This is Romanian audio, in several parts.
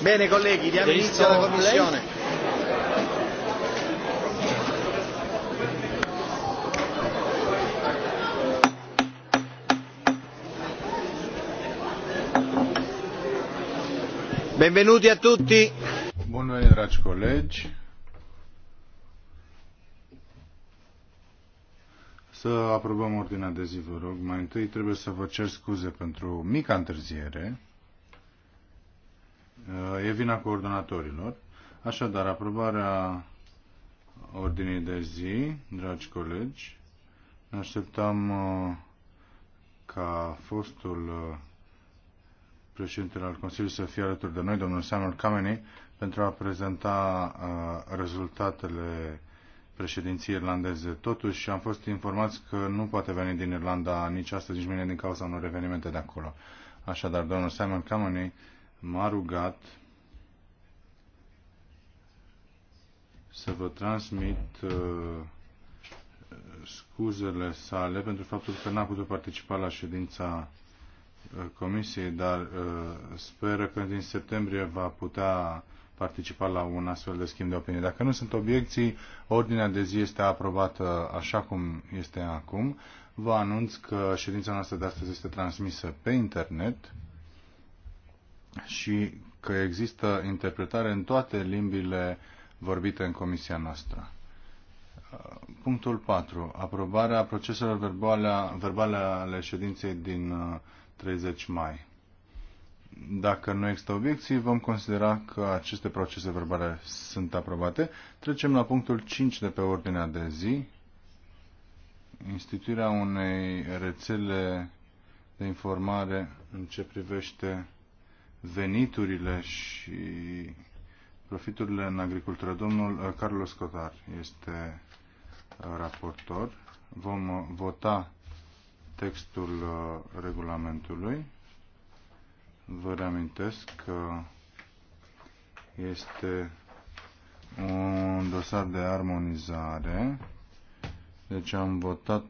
Bene colleghi, diamo inizio alla commissione. Benvenuti a tutti. Bun venit, dragi colegi. Să aprobăm ordinea de zi, vă rog. Mai întâi trebuie să vă cer scuze pentru mica întârziere e vina coordonatorilor. Așadar, aprobarea ordinii de zi, dragi colegi, ne așteptam uh, ca fostul uh, președintele al Consiliului să fie alături de noi, domnul Samuel Kameni, pentru a prezenta uh, rezultatele președinției irlandeze. Totuși, am fost informați că nu poate veni din Irlanda nici astăzi, nici mâine din cauza unor evenimente de acolo. Așadar, domnul Simon Kameni, m-a rugat să vă transmit uh, scuzele sale pentru faptul că n-a putut participa la ședința uh, comisiei, dar uh, speră că din septembrie va putea participa la un astfel de schimb de opinie. Dacă nu sunt obiecții, ordinea de zi este aprobată așa cum este acum. Vă anunț că ședința noastră de astăzi este transmisă pe internet și că există interpretare în toate limbile vorbite în comisia noastră. Punctul 4. Aprobarea proceselor verbale, verbale ale ședinței din 30 uh, mai. Dacă nu există obiecții, vom considera că aceste procese verbale sunt aprobate. Trecem la punctul 5 de pe ordinea de zi. Instituirea unei rețele de informare în ce privește veniturile și profiturile în agricultură. Domnul uh, Carlos Cotar este uh, raportor. Vom uh, vota textul regulamentului. Vă reamintesc că este un dosar de armonizare. Deci am votat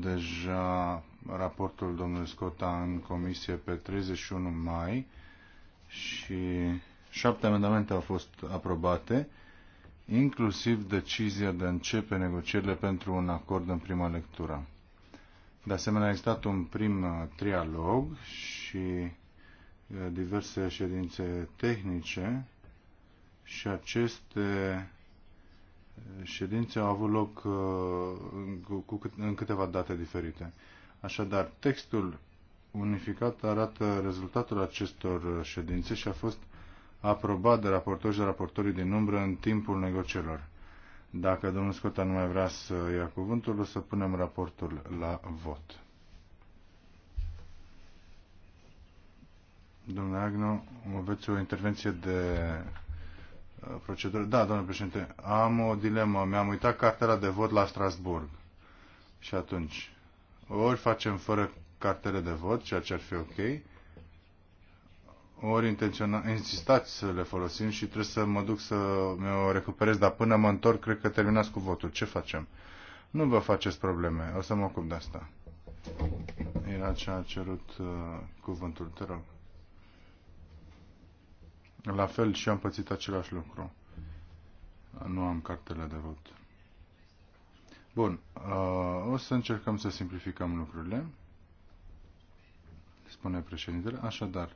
deja raportul domnului Scota în comisie pe 31 mai și șapte amendamente au fost aprobate, inclusiv decizia de a începe negocierile pentru un acord în prima lectură. De asemenea, a existat un prim uh, trialog și uh, diverse ședințe tehnice și aceste uh, ședințe au avut loc în câteva date diferite. Așadar, textul unificat arată rezultatul acestor ședințe și a fost aprobat de raportori și de raportorii din umbră în timpul negocierilor. Dacă domnul Scota nu mai vrea să ia cuvântul, o să punem raportul la vot. Domnule Agno, aveți o intervenție de uh, procedură. Da, domnule președinte, am o dilemă. Mi-am uitat cartela de vot la Strasburg. Și atunci, ori facem fără cartele de vot, ceea ce ar fi ok, ori intenționa, insistați să le folosim și trebuie să mă duc să o recuperez, dar până mă întorc, cred că terminați cu votul. Ce facem? Nu vă faceți probleme, o să mă ocup de asta. Era ce a cerut uh, cuvântul, te rog. La fel și am pățit același lucru. Nu am cartele de vot. Bun, uh, o să încercăm să simplificăm lucrurile spune președintele. Așadar,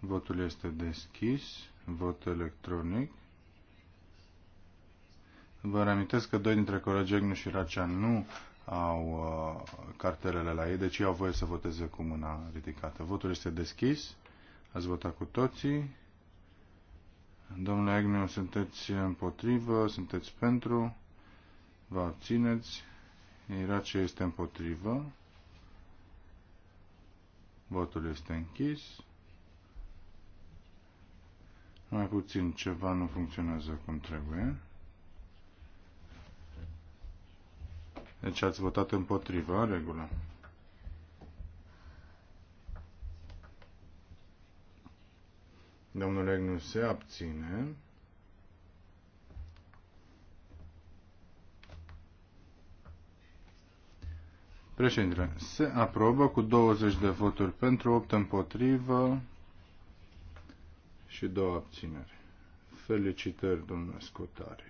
votul este deschis, vot electronic. Vă reamintesc că doi dintre colegii și Racea nu au uh, cartelele la ei, deci ei au voie să voteze cu mâna ridicată. Votul este deschis. Ați votat cu toții. Domnule Agnew, sunteți împotrivă, sunteți pentru, vă abțineți. Irace este împotrivă. Votul este închis. Mai puțin ceva nu funcționează cum trebuie. Deci ați votat împotriva, regulă. Domnul Egnu se abține. Președintele, se aprobă cu 20 de voturi pentru, 8 împotrivă și 2 abțineri. Felicitări, domnule Scutari.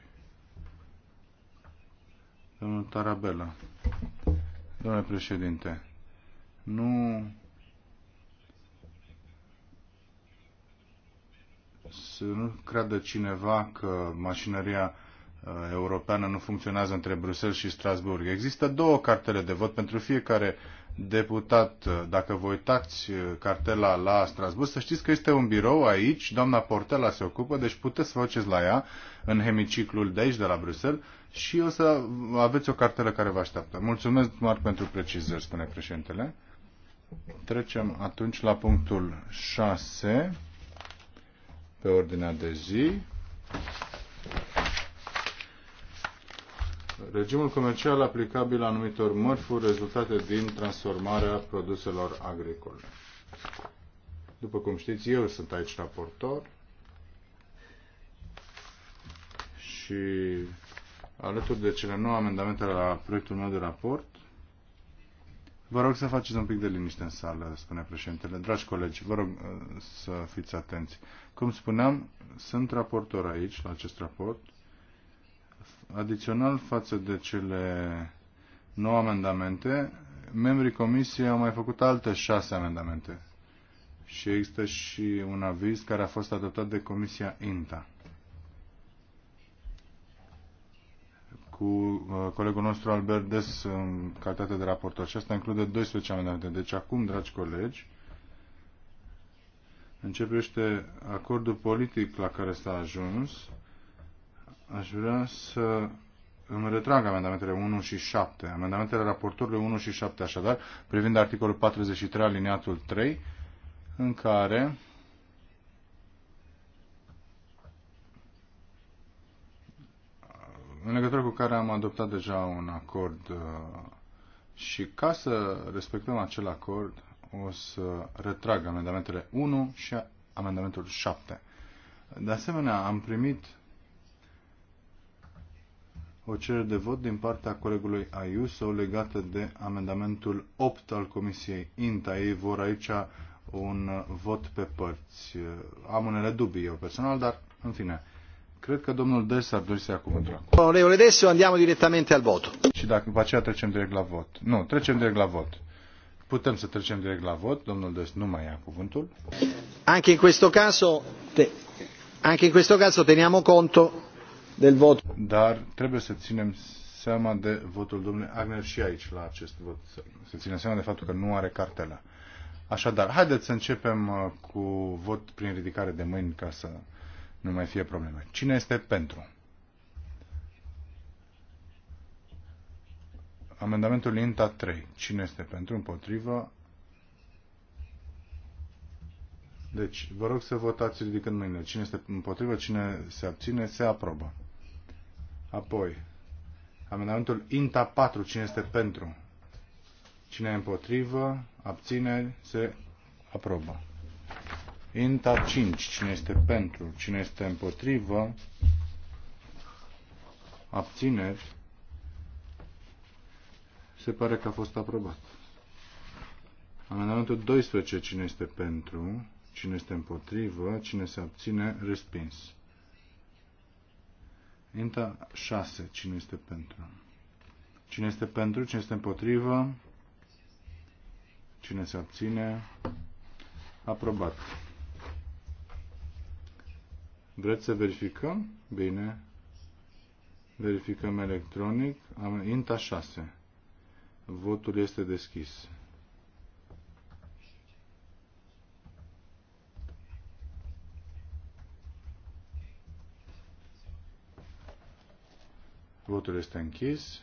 Domnul Tarabela. Domnule președinte, nu să nu creadă cineva că mașinăria Uh, europeană nu funcționează între Bruxelles și Strasburg. Există două cartele de vot pentru fiecare deputat. Uh, dacă vă uitați uh, cartela la Strasburg, să știți că este un birou aici, doamna Portela se ocupă, deci puteți să vă faceți la ea în hemiciclul de aici, de la Bruxelles, și o să aveți o cartelă care vă așteaptă. Mulțumesc, Marc, pentru precizări, spune președintele. Trecem atunci la punctul 6 pe ordinea de zi. regimul comercial aplicabil anumitor mărfuri rezultate din transformarea produselor agricole. După cum știți, eu sunt aici raportor și alături de cele nouă amendamente la proiectul meu de raport, Vă rog să faceți un pic de liniște în sală, spune președintele. Dragi colegi, vă rog uh, să fiți atenți. Cum spuneam, sunt raportor aici, la acest raport, Adițional față de cele 9 amendamente, membrii comisiei au mai făcut alte șase amendamente. Și există și un aviz care a fost adoptat de Comisia INTA. cu uh, colegul nostru Albert Des în calitate de raportor. Și asta include 12 amendamente. Deci acum, dragi colegi, începește acordul politic la care s-a ajuns Aș vrea să îmi retrag amendamentele 1 și 7. Amendamentele raportorului 1 și 7, așadar, privind articolul 43 aliniatul 3, în care în legătură cu care am adoptat deja un acord uh, și ca să respectăm acel acord, o să retrag amendamentele 1 și amendamentul 7. De asemenea, am primit o cerere de vot din partea colegului Ayuso legată de amendamentul 8 al Comisiei INTA. Ei vor aici un vot pe părți. Am unele dubii eu personal, dar în fine. Cred că domnul Des ar dori să ia cuvântul. Onorevole Des, andiamo direttamente al voto. Și dacă după aceea trecem direct la vot. Nu, trecem direct la vot. Putem să trecem direct la vot. Domnul Des nu mai ia cuvântul. Anche in questo caso, te, anche in questo caso teniamo conto del vot. Dar trebuie să ținem seama de votul domnului Agner și aici la acest vot. Să ținem seama de faptul că nu are cartela. Așadar, haideți să începem uh, cu vot prin ridicare de mâini ca să nu mai fie probleme. Cine este pentru? Amendamentul INTA 3. Cine este pentru? Împotrivă? Deci, vă rog să votați ridicând mâinile. Cine este împotrivă, cine se abține, se aprobă. Apoi, amendamentul INTA 4, cine este pentru? Cine e împotrivă? Abțineri? Se aprobă. INTA 5, cine este pentru? Cine este împotrivă? Abțineri? Se pare că a fost aprobat. Amendamentul 12, cine este pentru? Cine este împotrivă? Cine se abține? Respins. Inta 6. Cine este pentru? Cine este pentru? Cine este împotrivă? Cine se abține? Aprobat. Vreți să verificăm? Bine. Verificăm electronic. Am, INTA 6. Votul este deschis. Votul este închis.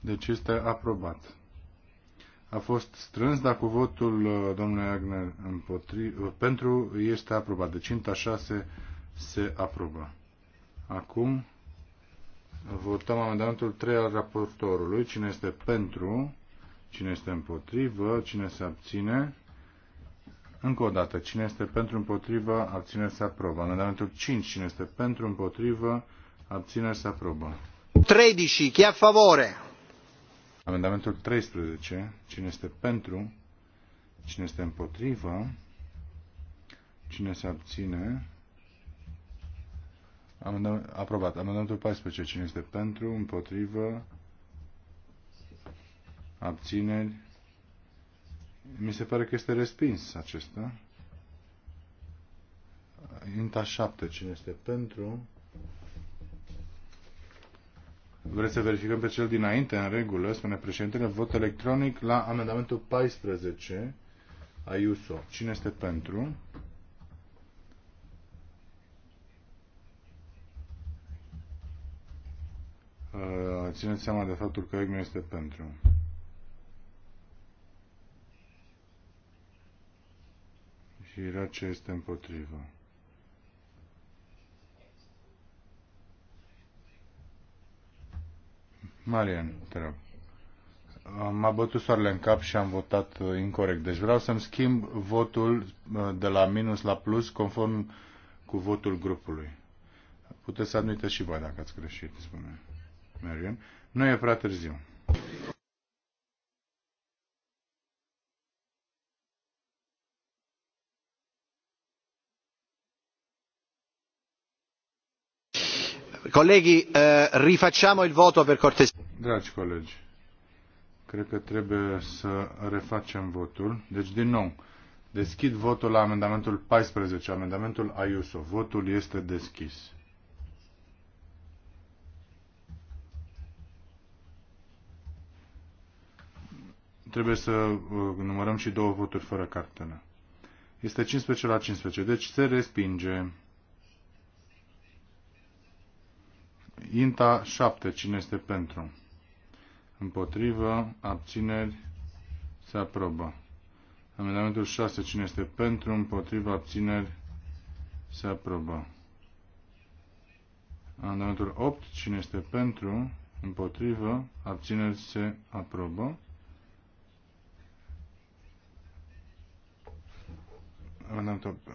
Deci este aprobat. A fost strâns, dar cu votul uh, domnului Agner împotri, uh, pentru este aprobat. Deci INTA 6 se aprobă. Acum votăm amendamentul 3 al raportorului. Cine este pentru? Cine este împotrivă? Cine se abține? Încă o dată, cine este pentru împotrivă, abține se aprobă. Amendamentul 5, cine este pentru împotrivă, abține se aprobă. 13, chi a favore? Amendamentul 13, cine este pentru, cine este împotrivă, cine se abține, Amendament, aprobat. Amendamentul 14. Cine este pentru? Împotrivă? Abțineri? Mi se pare că este respins acesta. Inta 7. Cine este pentru? Vreți să verificăm pe cel dinainte, în regulă, spune președintele, vot electronic la amendamentul 14, IUSO. Cine este pentru? Uh, ținând seama de faptul că nu este pentru. Și ce este împotrivă. Marian, te rog. M-a bătut soarele în cap și am votat uh, incorrect. Deci vreau să-mi schimb votul uh, de la minus la plus conform cu votul grupului. Puteți să admiteți și voi dacă ați greșit, spune. Marian. Nu e prea târziu. Colegi, eh, rifacciamo il voto per cortesia. Dragi colegi, cred că trebuie să refacem votul. Deci, din nou, deschid votul la amendamentul 14, amendamentul Ayuso. Votul este deschis. trebuie să uh, numărăm și două voturi fără cartonă. Este 15 la 15, deci se respinge. Inta 7, cine este pentru? Împotrivă, abțineri, se aprobă. Amendamentul 6, cine este pentru, împotrivă, abțineri, se aprobă. Amendamentul 8, cine este pentru, împotrivă, abțineri, se aprobă.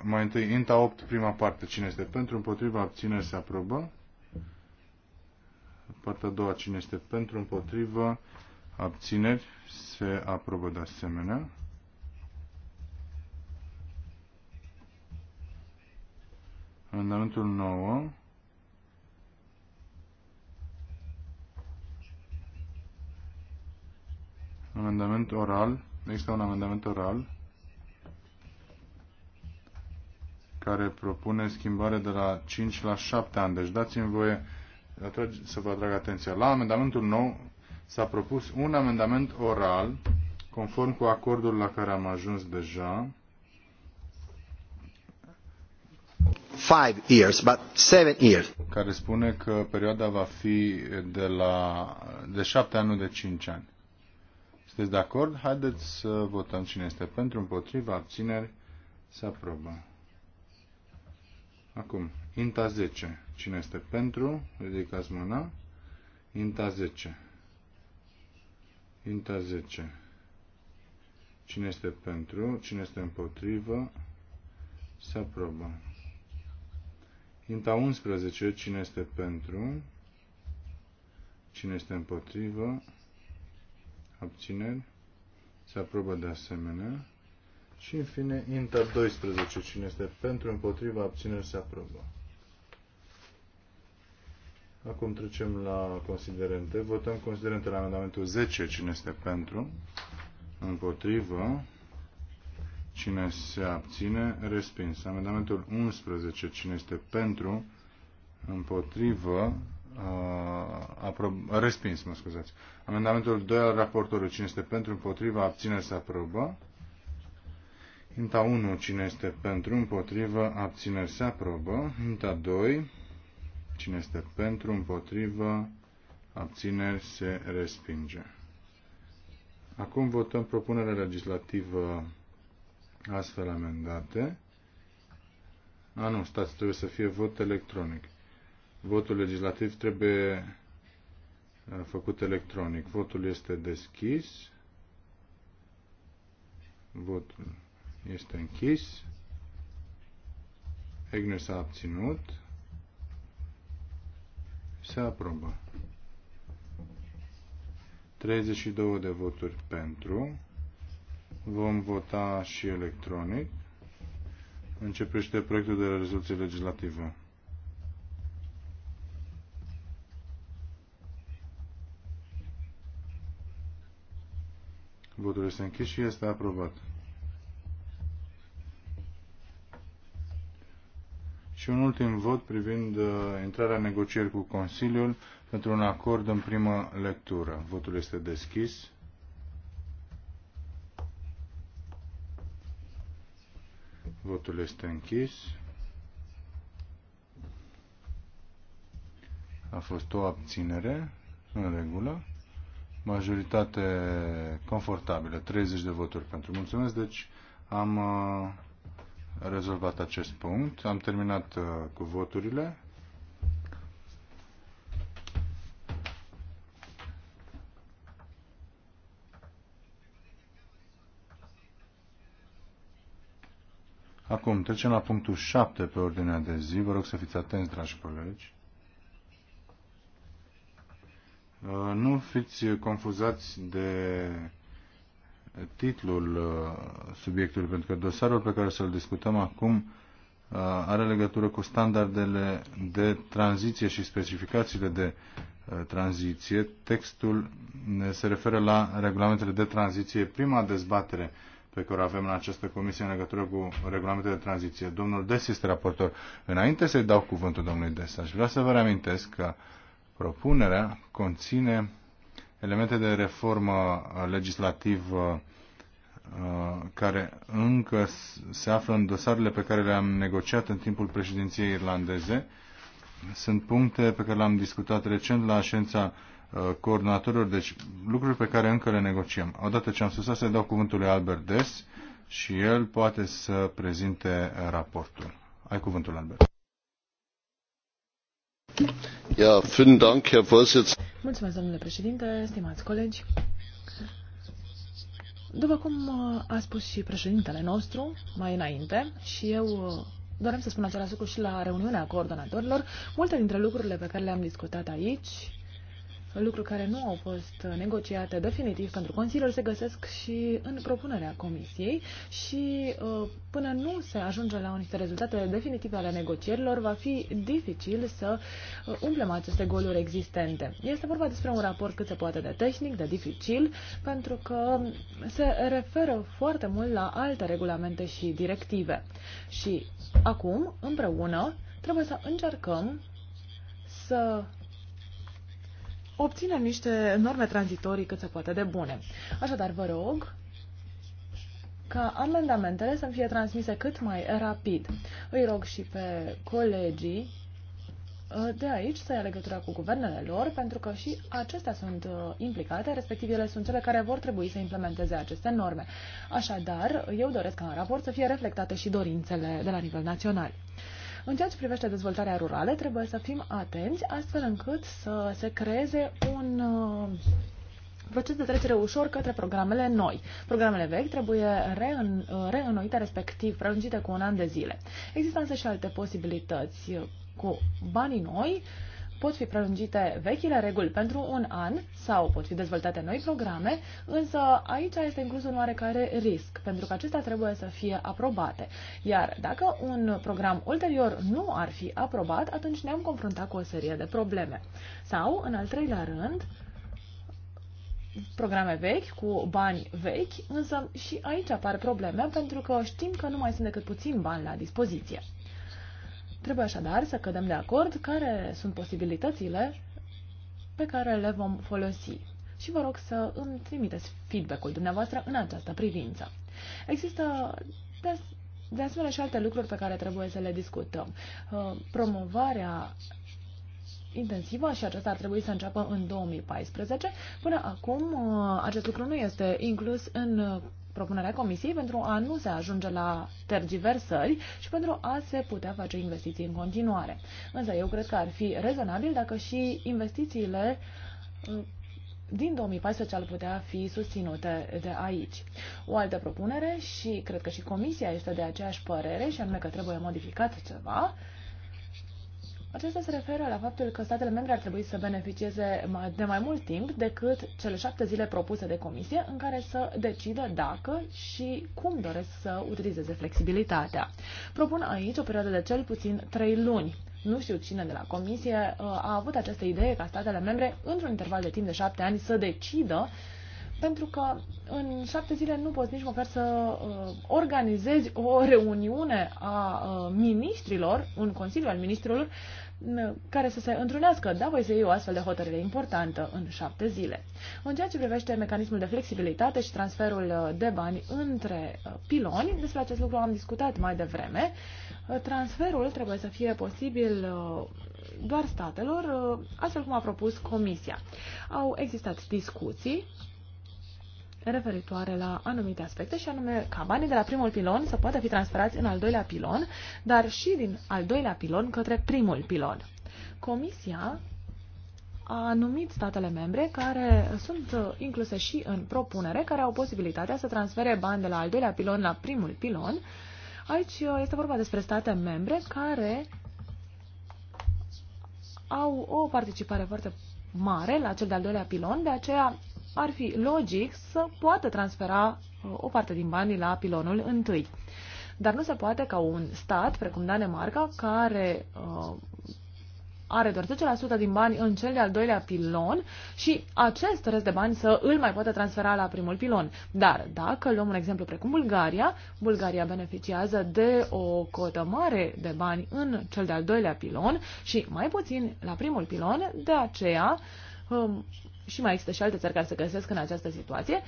mai întâi, INTA 8, prima parte, cine este pentru, împotriva, abțineri, se aprobă. Partea a doua, cine este pentru, împotriva, abțineri, se aprobă de asemenea. Amendamentul 9. Amendament oral. Există un amendament oral care propune schimbare de la 5 la 7 ani. Deci dați-mi voie să vă atrag atenția. La amendamentul nou s-a propus un amendament oral, conform cu acordul la care am ajuns deja. Five years, but seven years. Care spune că perioada va fi de, la, de șapte ani, nu de cinci ani. Sunteți de acord? Haideți să votăm cine este pentru, împotriva, abțineri, să aprobăm. Acum, INTA 10. Cine este pentru? Ridicați mâna. INTA 10. INTA 10. Cine este pentru? Cine este împotrivă? Se aprobă. INTA 11. Cine este pentru? Cine este împotrivă? Abțineri? Se aprobă de asemenea. Și în fine, Inter 12, cine este pentru, împotriva, abțineri, se aprobă. Acum trecem la considerente. Votăm considerente la amendamentul 10, cine este pentru, împotrivă, cine se abține, respins. Amendamentul 11, cine este pentru, împotrivă, aprob- respins, mă scuzați. Amendamentul 2 al raportorului, cine este pentru, împotriva, abține, se aprobă. Inta 1, cine este pentru, împotrivă, abțineri se aprobă. Inta 2, cine este pentru, împotrivă, abțineri se respinge. Acum votăm propunerea legislativă astfel amendate. A, nu, stați, trebuie să fie vot electronic. Votul legislativ trebuie uh, făcut electronic. Votul este deschis. Votul. Este închis. Egner s-a abținut. Se aprobă. 32 de voturi pentru. Vom vota și electronic. Începește proiectul de rezoluție legislativă. Votul este închis și este aprobat. și un ultim vot privind uh, intrarea în negocieri cu Consiliul pentru un acord în primă lectură. Votul este deschis. Votul este închis. A fost o abținere, în regulă. Majoritate confortabilă, 30 de voturi pentru. Mulțumesc, deci am uh, rezolvat acest punct. Am terminat uh, cu voturile. Acum, trecem la punctul 7 pe ordinea de zi. Vă rog să fiți atenți, dragi colegi. Uh, nu fiți confuzați de titlul uh, subiectului, pentru că dosarul pe care să-l discutăm acum uh, are legătură cu standardele de tranziție și specificațiile de uh, tranziție. Textul se referă la regulamentele de tranziție. Prima dezbatere pe care o avem în această comisie în legătură cu regulamentele de tranziție. Domnul Des este raportor. Înainte să-i dau cuvântul domnului Des, aș vrea să vă reamintesc că propunerea conține elemente de reformă legislativă uh, care încă se află în dosarele pe care le-am negociat în timpul președinției irlandeze. Sunt puncte pe care le-am discutat recent la ședința uh, coordonatorilor, deci lucruri pe care încă le negociem. Odată ce am spus asta, dau cuvântul lui Albert Des și el poate să prezinte raportul. Ai cuvântul, Albert. Mulțumesc, domnule președinte, stimați colegi. După cum uh, a spus și președintele nostru mai înainte, și eu uh, dorem să spun același lucru și la reuniunea coordonatorilor, multe dintre lucrurile pe care le-am discutat aici lucruri care nu au fost negociate definitiv pentru Consiliul se găsesc și în propunerea Comisiei și uh, până nu se ajunge la niște rezultate definitive ale negocierilor, va fi dificil să uh, umplem aceste goluri existente. Este vorba despre un raport cât se poate de tehnic, de dificil, pentru că se referă foarte mult la alte regulamente și directive. Și acum, împreună, trebuie să încercăm să obținem niște norme tranzitorii cât se poate de bune. Așadar, vă rog ca amendamentele să fie transmise cât mai rapid. Îi rog și pe colegii uh, de aici să ia legătura cu guvernele lor, pentru că și acestea sunt uh, implicate, respectiv ele sunt cele care vor trebui să implementeze aceste norme. Așadar, eu doresc ca în raport să fie reflectate și dorințele de la nivel național. În ceea ce privește dezvoltarea rurală, trebuie să fim atenți astfel încât să se creeze un uh, proces de trecere ușor către programele noi. Programele vechi trebuie reîn, uh, reînnoite, respectiv prelungite cu un an de zile. Există însă și alte posibilități uh, cu banii noi, pot fi prelungite vechile reguli pentru un an sau pot fi dezvoltate noi programe, însă aici este inclus un oarecare risc, pentru că acestea trebuie să fie aprobate. Iar dacă un program ulterior nu ar fi aprobat, atunci ne-am confruntat cu o serie de probleme. Sau, în al treilea rând, programe vechi, cu bani vechi, însă și aici apar probleme pentru că știm că nu mai sunt decât puțin bani la dispoziție. Trebuie așadar să cădem de acord care sunt posibilitățile pe care le vom folosi. Și vă rog să îmi trimiteți feedback-ul dumneavoastră în această privință. Există de, de asemenea și alte lucruri pe care trebuie să le discutăm. Uh, promovarea intensivă și aceasta ar trebui să înceapă în 2014. Până acum, uh, acest lucru nu este inclus în uh, propunerea Comisiei pentru a nu se ajunge la tergiversări și pentru a se putea face investiții în continuare. Însă eu cred că ar fi rezonabil dacă și investițiile mm, din 2014 ar putea fi susținute de aici. O altă propunere și cred că și Comisia este de aceeași părere și anume că trebuie modificat ceva acesta se referă la faptul că statele membre ar trebui să beneficieze de mai mult timp decât cele șapte zile propuse de comisie în care să decidă dacă și cum doresc să utilizeze flexibilitatea. Propun aici o perioadă de cel puțin trei luni. Nu știu cine de la comisie uh, a avut această idee ca statele membre, într-un interval de timp de șapte ani, să decidă pentru că în șapte zile nu poți nici măcar să uh, organizezi o reuniune a uh, ministrilor, un consiliu al ministrilor, care să se întrunească, da, voi să iei o astfel de hotărâre importantă în șapte zile. În ceea ce privește mecanismul de flexibilitate și transferul uh, de bani între uh, piloni, despre acest lucru am discutat mai devreme, uh, transferul trebuie să fie posibil doar statelor, astfel cum a propus Comisia. Au existat discuții referitoare la anumite aspecte și anume ca banii de la primul pilon să poată fi transferați în al doilea pilon, dar și din al doilea pilon către primul pilon. Comisia a numit statele membre care sunt uh, incluse și în propunere, care au posibilitatea să transfere bani de la al doilea pilon la primul pilon. Aici uh, este vorba despre state membre care au o participare foarte mare la cel de-al doilea pilon, de aceea ar fi logic să poată transfera uh, o parte din banii la pilonul întâi. Dar nu se poate ca un stat, precum Danemarca, care uh, are doar 10% din bani în cel de-al doilea pilon și acest rest de bani să îl mai poată transfera la primul pilon. Dar dacă luăm un exemplu precum Bulgaria, Bulgaria beneficiază de o cotă mare de bani în cel de-al doilea pilon și mai puțin la primul pilon, de aceea um, și mai există și alte țări care se găsesc în această situație,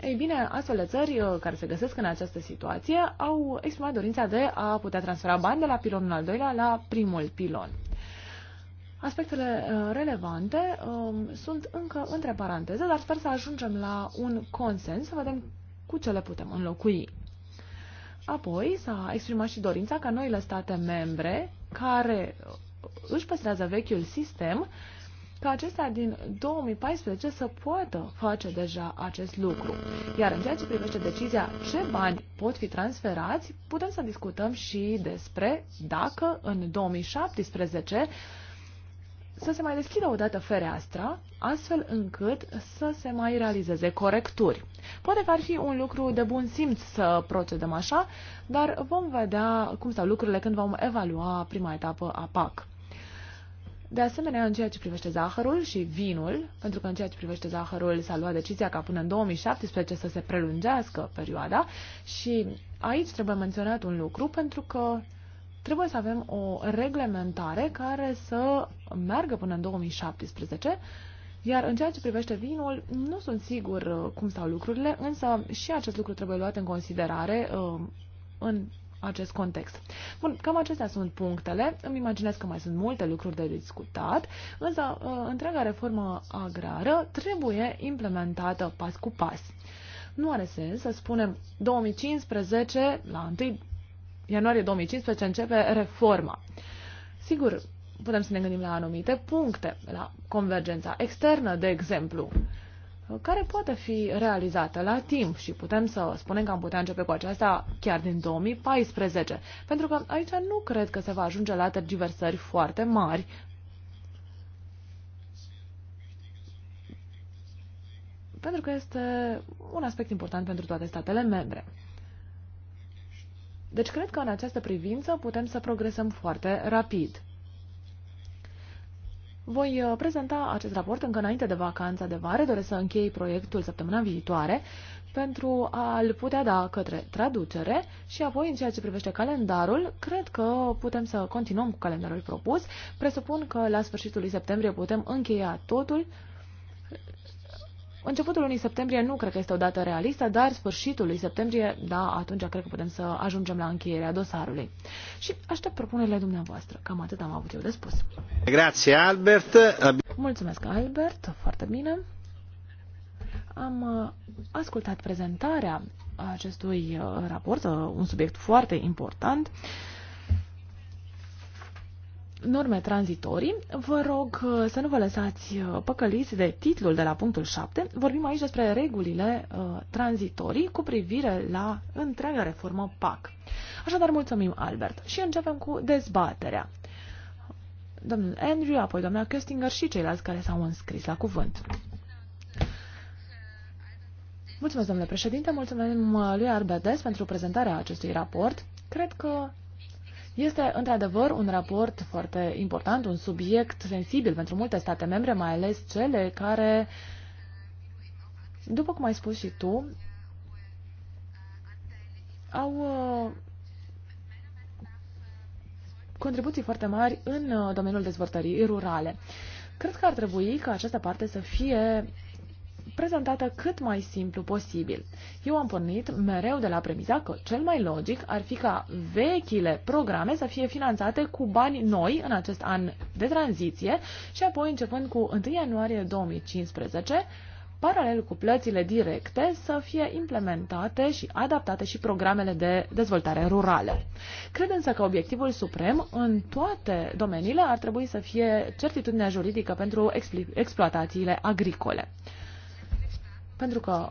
ei bine, astfel de țări uh, care se găsesc în această situație au exprimat dorința de a putea transfera bani de la pilonul al doilea la primul pilon. Aspectele uh, relevante um, sunt încă între paranteze, dar sper să ajungem la un consens, să vedem cu ce le putem înlocui. Apoi s-a exprimat și dorința ca noile state membre care uh, își păstrează vechiul sistem ca acesta din 2014 să poată face deja acest lucru. Iar în ceea ce privește decizia ce bani pot fi transferați, putem să discutăm și despre dacă în 2017 să se mai deschidă o dată fereastra, astfel încât să se mai realizeze corecturi. Poate că ar fi un lucru de bun simț să procedăm așa, dar vom vedea cum stau lucrurile când vom evalua prima etapă a PAC. De asemenea, în ceea ce privește zahărul și vinul, pentru că în ceea ce privește zahărul s-a luat decizia ca până în 2017 să se prelungească perioada și aici trebuie menționat un lucru pentru că trebuie să avem o reglementare care să meargă până în 2017 iar în ceea ce privește vinul, nu sunt sigur uh, cum stau lucrurile, însă și acest lucru trebuie luat în considerare uh, în acest context. Bun, cam acestea sunt punctele. Îmi imaginez că mai sunt multe lucruri de discutat, însă uh, întreaga reformă agrară trebuie implementată pas cu pas. Nu are sens să spunem 2015, la 1 ianuarie 2015 începe reforma. Sigur, putem să ne gândim la anumite puncte, la convergența externă, de exemplu care poate fi realizată la timp și putem să spunem că am putea începe cu aceasta chiar din 2014, pentru că aici nu cred că se va ajunge la tergiversări foarte mari. Pentru că este un aspect important pentru toate statele membre. Deci cred că în această privință putem să progresăm foarte rapid. Voi uh, prezenta acest raport încă înainte de vacanța de vară. Doresc să închei proiectul săptămâna viitoare pentru a-l putea da către traducere și apoi, în ceea ce privește calendarul, cred că putem să continuăm cu calendarul propus. Presupun că la sfârșitul lui septembrie putem încheia totul Începutul lunii septembrie nu cred că este o dată realistă, dar sfârșitul lui septembrie, da, atunci cred că putem să ajungem la încheierea dosarului. Și aștept propunerile dumneavoastră. Cam atât am avut eu de spus. Grație, Albert. Mulțumesc, Albert. Foarte bine. Am uh, ascultat prezentarea acestui uh, raport, uh, un subiect foarte important norme tranzitorii, vă rog uh, să nu vă lăsați uh, păcăliți de titlul de la punctul 7. Vorbim aici despre regulile uh, tranzitorii cu privire la întreaga reformă PAC. Așadar, mulțumim, Albert, și începem cu dezbaterea. Domnul Andrew, apoi doamna Köstinger și ceilalți care s-au înscris la cuvânt. Mulțumesc, domnule președinte, mulțumim uh, lui Arbedes pentru prezentarea acestui raport. Cred că este într-adevăr un raport foarte important, un subiect sensibil pentru multe state membre, mai ales cele care, după cum ai spus și tu, au uh, contribuții foarte mari în uh, domeniul dezvoltării rurale. Cred că ar trebui ca această parte să fie prezentată cât mai simplu posibil. Eu am pornit mereu de la premiza că cel mai logic ar fi ca vechile programe să fie finanțate cu bani noi în acest an de tranziție și apoi începând cu 1 ianuarie 2015, paralel cu plățile directe, să fie implementate și adaptate și programele de dezvoltare rurală. Cred însă că obiectivul suprem în toate domeniile ar trebui să fie certitudinea juridică pentru explo exploatațiile agricole. Pentru că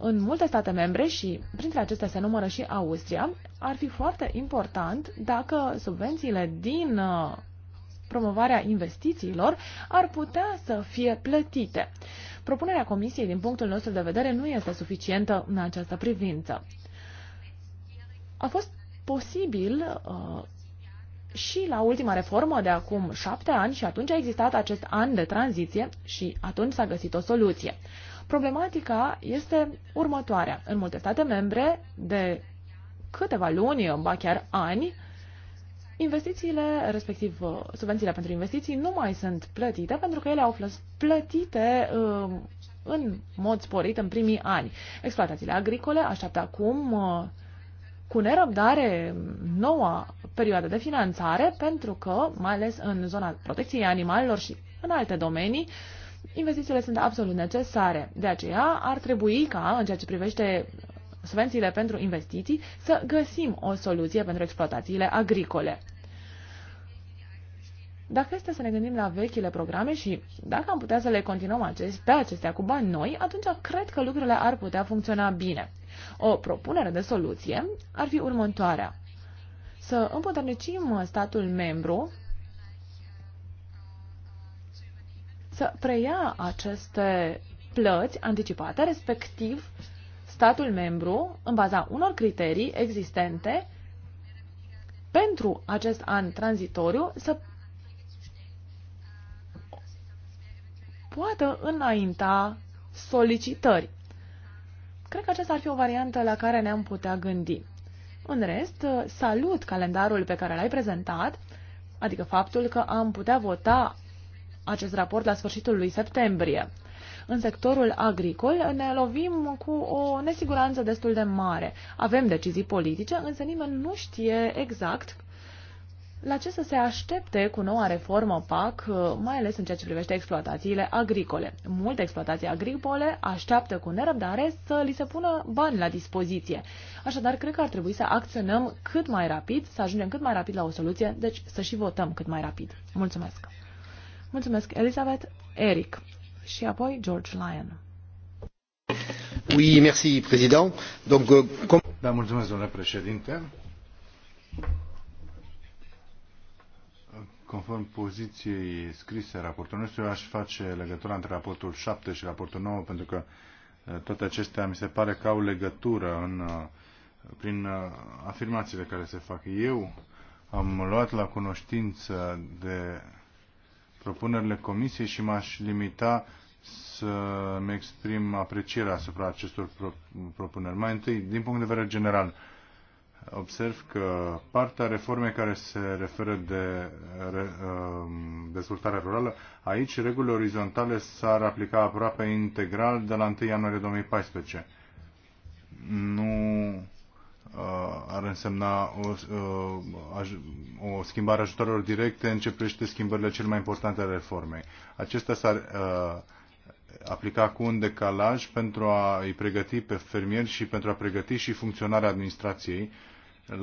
în multe state membre și printre acestea se numără și Austria, ar fi foarte important dacă subvențiile din uh, promovarea investițiilor ar putea să fie plătite. Propunerea Comisiei, din punctul nostru de vedere, nu este suficientă în această privință. A fost posibil uh, și la ultima reformă de acum șapte ani și atunci a existat acest an de tranziție și atunci s-a găsit o soluție. Problematica este următoarea. În multe state membre, de câteva luni, ba chiar ani, investițiile, respectiv uh, subvențiile pentru investiții, nu mai sunt plătite pentru că ele au fost plătite uh, în mod sporit în primii ani. Exploatațiile agricole așteaptă acum uh, cu nerăbdare noua perioadă de finanțare, pentru că, mai ales în zona protecției animalelor și în alte domenii, investițiile sunt absolut necesare. De aceea ar trebui ca, în ceea ce privește subvențiile pentru investiții, să găsim o soluție pentru exploatațiile agricole. Dacă este să ne gândim la vechile programe și dacă am putea să le continuăm acest, pe acestea cu bani noi, atunci cred că lucrurile ar putea funcționa bine. O propunere de soluție ar fi următoarea. Să împuternicim statul membru să preia aceste plăți anticipate, respectiv statul membru, în baza unor criterii existente, pentru acest an tranzitoriu să poată înainta solicitări Cred că aceasta ar fi o variantă la care ne-am putea gândi. În rest, salut calendarul pe care l-ai prezentat, adică faptul că am putea vota acest raport la sfârșitul lui septembrie. În sectorul agricol ne lovim cu o nesiguranță destul de mare. Avem decizii politice, însă nimeni nu știe exact la ce să se aștepte cu noua reformă PAC, uh, mai ales în ceea ce privește exploatațiile agricole. Multe exploatații agricole așteaptă cu nerăbdare să li se pună bani la dispoziție. Așadar, cred că ar trebui să acționăm cât mai rapid, să ajungem cât mai rapid la o soluție, deci să și votăm cât mai rapid. Mulțumesc! Mulțumesc, Elizabeth, Eric și apoi George Lyon. Oui, merci, président. Donc, euh, com- da, mulțumesc, domnule președinte Conform poziției scrise a raportului nostru, eu aș face legătura între raportul 7 și raportul 9, pentru că uh, toate acestea mi se pare că au legătură în, uh, prin uh, afirmațiile care se fac. Eu am luat la cunoștință de propunerile comisiei și m-aș limita să-mi exprim aprecierea asupra acestor pro propuneri. Mai întâi, din punct de vedere general, observ că partea reformei care se referă de um, dezvoltare rurală, aici regulile orizontale s-ar aplica aproape integral de la 1 ianuarie 2014. Nu uh, ar însemna o, o, uh, o schimbare ajutorilor directe, începește schimbările cel mai importante ale reformei. Acestea s-ar uh, aplica cu un decalaj pentru a îi pregăti pe fermieri și pentru a pregăti și funcționarea administrației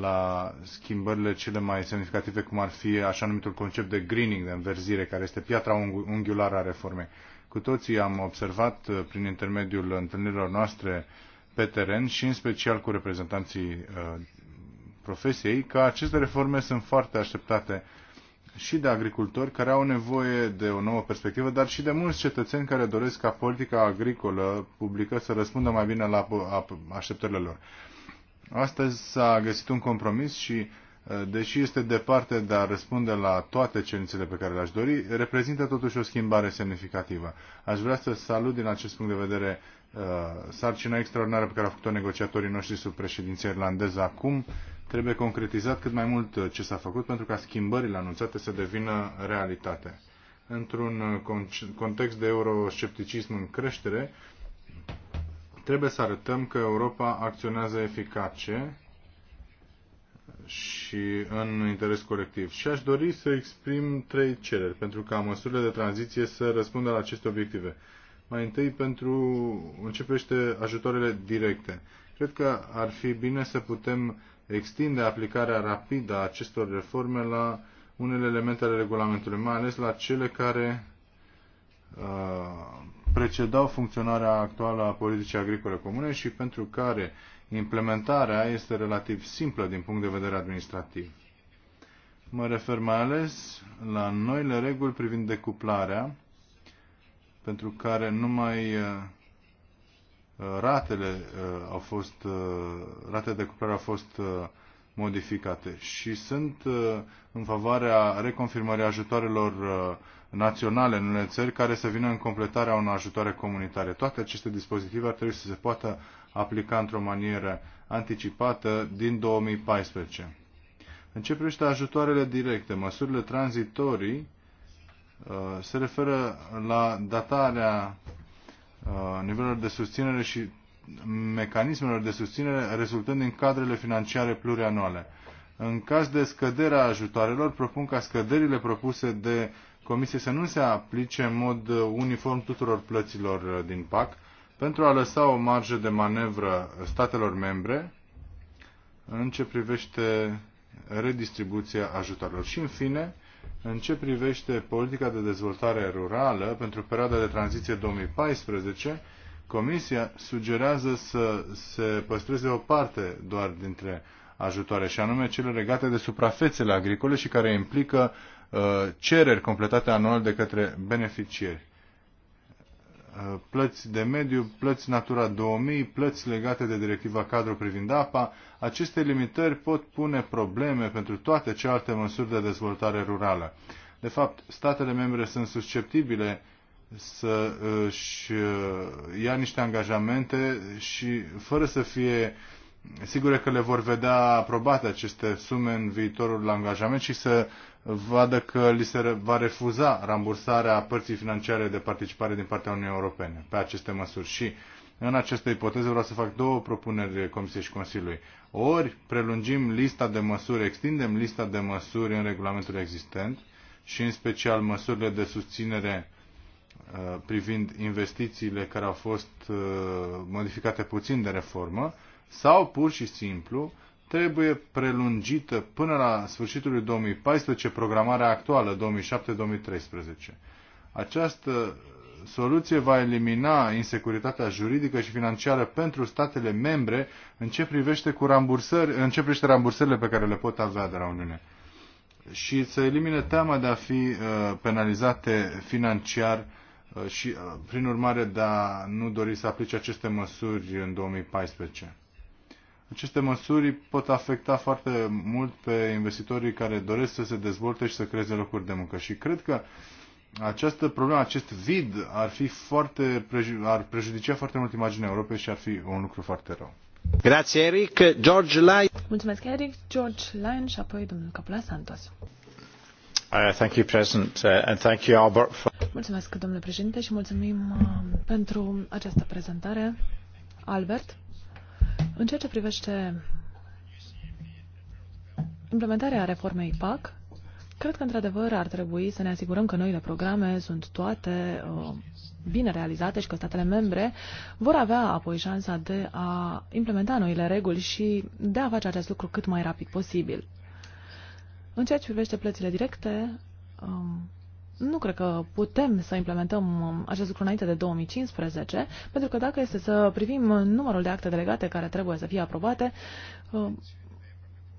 la schimbările cele mai semnificative, cum ar fi așa numitul concept de greening, de înverzire, care este piatra unghiulară a reformei. Cu toții am observat uh, prin intermediul întâlnirilor noastre pe teren și în special cu reprezentanții uh, profesiei că aceste reforme sunt foarte așteptate și de agricultori care au nevoie de o nouă perspectivă, dar și de mulți cetățeni care doresc ca politica agricolă publică să răspundă mai bine la așteptările lor. Astăzi s-a găsit un compromis și, uh, deși este departe de a răspunde la toate cerințele pe care le-aș dori, reprezintă totuși o schimbare semnificativă. Aș vrea să salut din acest punct de vedere uh, sarcina extraordinară pe care a făcut-o negociatorii noștri sub președinția irlandeză acum Trebuie concretizat cât mai mult uh, ce s-a făcut pentru ca schimbările anunțate să devină realitate. Într-un uh, context de euroscepticism în creștere, trebuie să arătăm că Europa acționează eficace și în interes colectiv. Și aș dori să exprim trei cereri pentru ca măsurile de tranziție să răspundă la aceste obiective. Mai întâi pentru începește ajutoarele directe. Cred că ar fi bine să putem extinde aplicarea rapidă a acestor reforme la unele elemente ale regulamentului, mai ales la cele care uh, precedau funcționarea actuală a politicii agricole comune și pentru care implementarea este relativ simplă din punct de vedere administrativ. Mă refer mai ales la noile reguli privind decuplarea, pentru care numai uh, Uh, ratele uh, au fost, uh, ratele de cuplare au fost modificate și sunt în favoarea reconfirmării ajutoarelor naționale în unele țări care să vină în completarea unor ajutoare comunitare. Toate aceste dispozitive ar trebui să se poată aplica într-o manieră anticipată din 2014. În ce privește ajutoarele directe, măsurile tranzitorii se referă la datarea Uh, nivelurilor de susținere și mecanismelor de susținere rezultând din cadrele financiare plurianuale. În caz de scăderea ajutoarelor, propun ca scăderile propuse de Comisie să nu se aplice în mod uniform tuturor plăților uh, din PAC, pentru a lăsa o marjă de manevră statelor membre în ce privește redistribuția ajutoarelor. Și, în fine, în ce privește politica de dezvoltare rurală pentru perioada de tranziție 2014, Comisia sugerează să se păstreze o parte doar dintre ajutoare, și anume cele legate de suprafețele agricole și care implică uh, cereri completate anual de către beneficiari. Uh, plăți de mediu, plăți Natura 2000, plăți legate de directiva cadru privind apa. Aceste limitări pot pune probleme pentru toate celelalte măsuri de dezvoltare rurală. De fapt, statele membre sunt susceptibile să își uh, uh, ia niște angajamente și fără să fie uh, Sigur că le vor vedea aprobate aceste sume în viitorul angajament și să vadă că li se va refuza rambursarea părții financiare de participare din partea Uniunii Europene pe aceste măsuri. Și în această ipoteză vreau să fac două propuneri Comisiei și Consiliului. Ori prelungim lista de măsuri, extindem lista de măsuri în regulamentul existent și în special măsurile de susținere uh, privind investițiile care au fost uh, modificate puțin de reformă, sau pur și simplu trebuie prelungită până la sfârșitul 2014 programarea actuală 2007-2013. Această soluție va elimina insecuritatea juridică și financiară pentru statele membre în ce privește, cu rambursări, în ce privește rambursările pe care le pot avea de la Uniune și să elimine teama de a fi uh, penalizate financiar uh, și, uh, prin urmare, de a nu dori să aplice aceste măsuri în 2014. Aceste măsuri pot afecta foarte mult pe investitorii care doresc să se dezvolte și să creeze locuri de muncă. Și cred că această problemă, acest vid ar, fi foarte, ar prejudicia foarte mult imaginea Europei și ar fi un lucru foarte rău. Grazie, Eric. George Lyon. Mulțumesc, Eric. George Lyon și apoi domnul Capula Santos. Uh, thank you, President, uh, and thank you, Albert. For... Mulțumesc, domnule președinte, și mulțumim uh, pentru această prezentare. Albert. În ceea ce privește implementarea reformei PAC, cred că într-adevăr ar trebui să ne asigurăm că noile programe sunt toate uh, bine realizate și că statele membre vor avea apoi șansa de a implementa noile reguli și de a face acest lucru cât mai rapid posibil. În ceea ce privește plățile directe, um, nu cred că putem să implementăm um, acest lucru înainte de 2015, pentru că dacă este să privim numărul de acte delegate care trebuie să fie aprobate, um,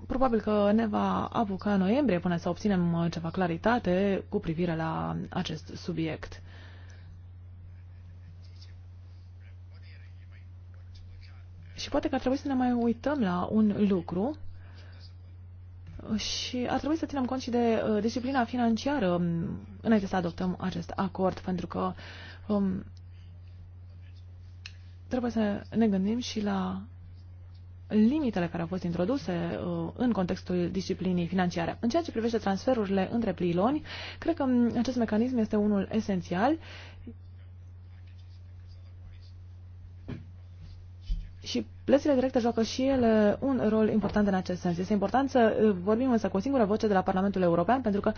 probabil că ne va apuca noiembrie până să obținem uh, ceva claritate cu privire la acest subiect. Și poate că ar trebui să ne mai uităm la un lucru și ar trebui să ținem cont și de uh, disciplina financiară um, înainte să adoptăm acest acord, pentru că um, trebuie să ne gândim și la limitele care au fost introduse uh, în contextul disciplinii financiare. În ceea ce privește transferurile între priloni, cred că um, acest mecanism este unul esențial Și plățile directe joacă și ele un rol important în acest sens. Este important să uh, vorbim însă cu o singură voce de la Parlamentul European, pentru că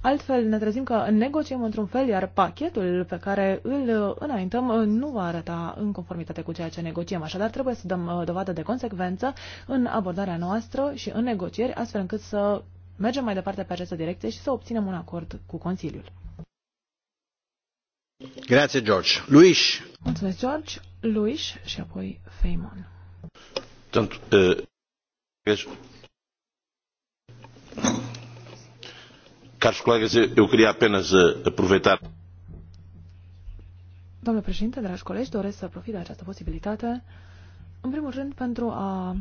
altfel ne trezim că negociem într-un fel, iar pachetul pe care îl uh, înaintăm uh, nu va arăta în conformitate cu ceea ce negociem. Așadar, trebuie să dăm dovadă de consecvență în abordarea noastră și în negocieri, astfel încât să mergem mai departe pe această direcție și să obținem un acord cu Consiliul. Grazie, George. Luis. Mulțumesc, George. Luis și apoi Feimon. Caros colegas, eu queria apenas aproveitar. Uh, Domnule președinte, dragi colegi, doresc să profit de această posibilitate, în primul rând pentru a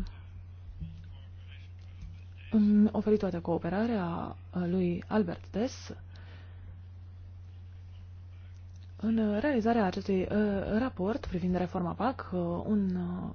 mm, oferi toată cooperarea uh, lui Albert Dess, în realizarea acestui uh, raport privind reforma PAC, uh, un uh,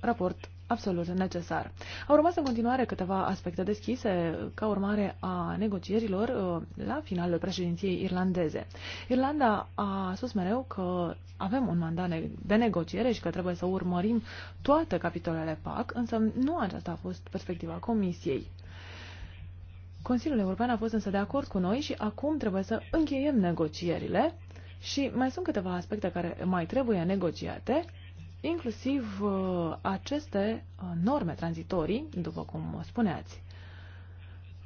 raport absolut necesar. Au rămas în continuare câteva aspecte deschise ca urmare a negocierilor la finalul președinției irlandeze. Irlanda a spus mereu că avem un mandat de negociere și că trebuie să urmărim toate capitolele PAC, însă nu aceasta a fost perspectiva Comisiei. Consiliul European a fost însă de acord cu noi și acum trebuie să încheiem negocierile și mai sunt câteva aspecte care mai trebuie negociate, inclusiv uh, aceste uh, norme tranzitorii, după cum spuneați.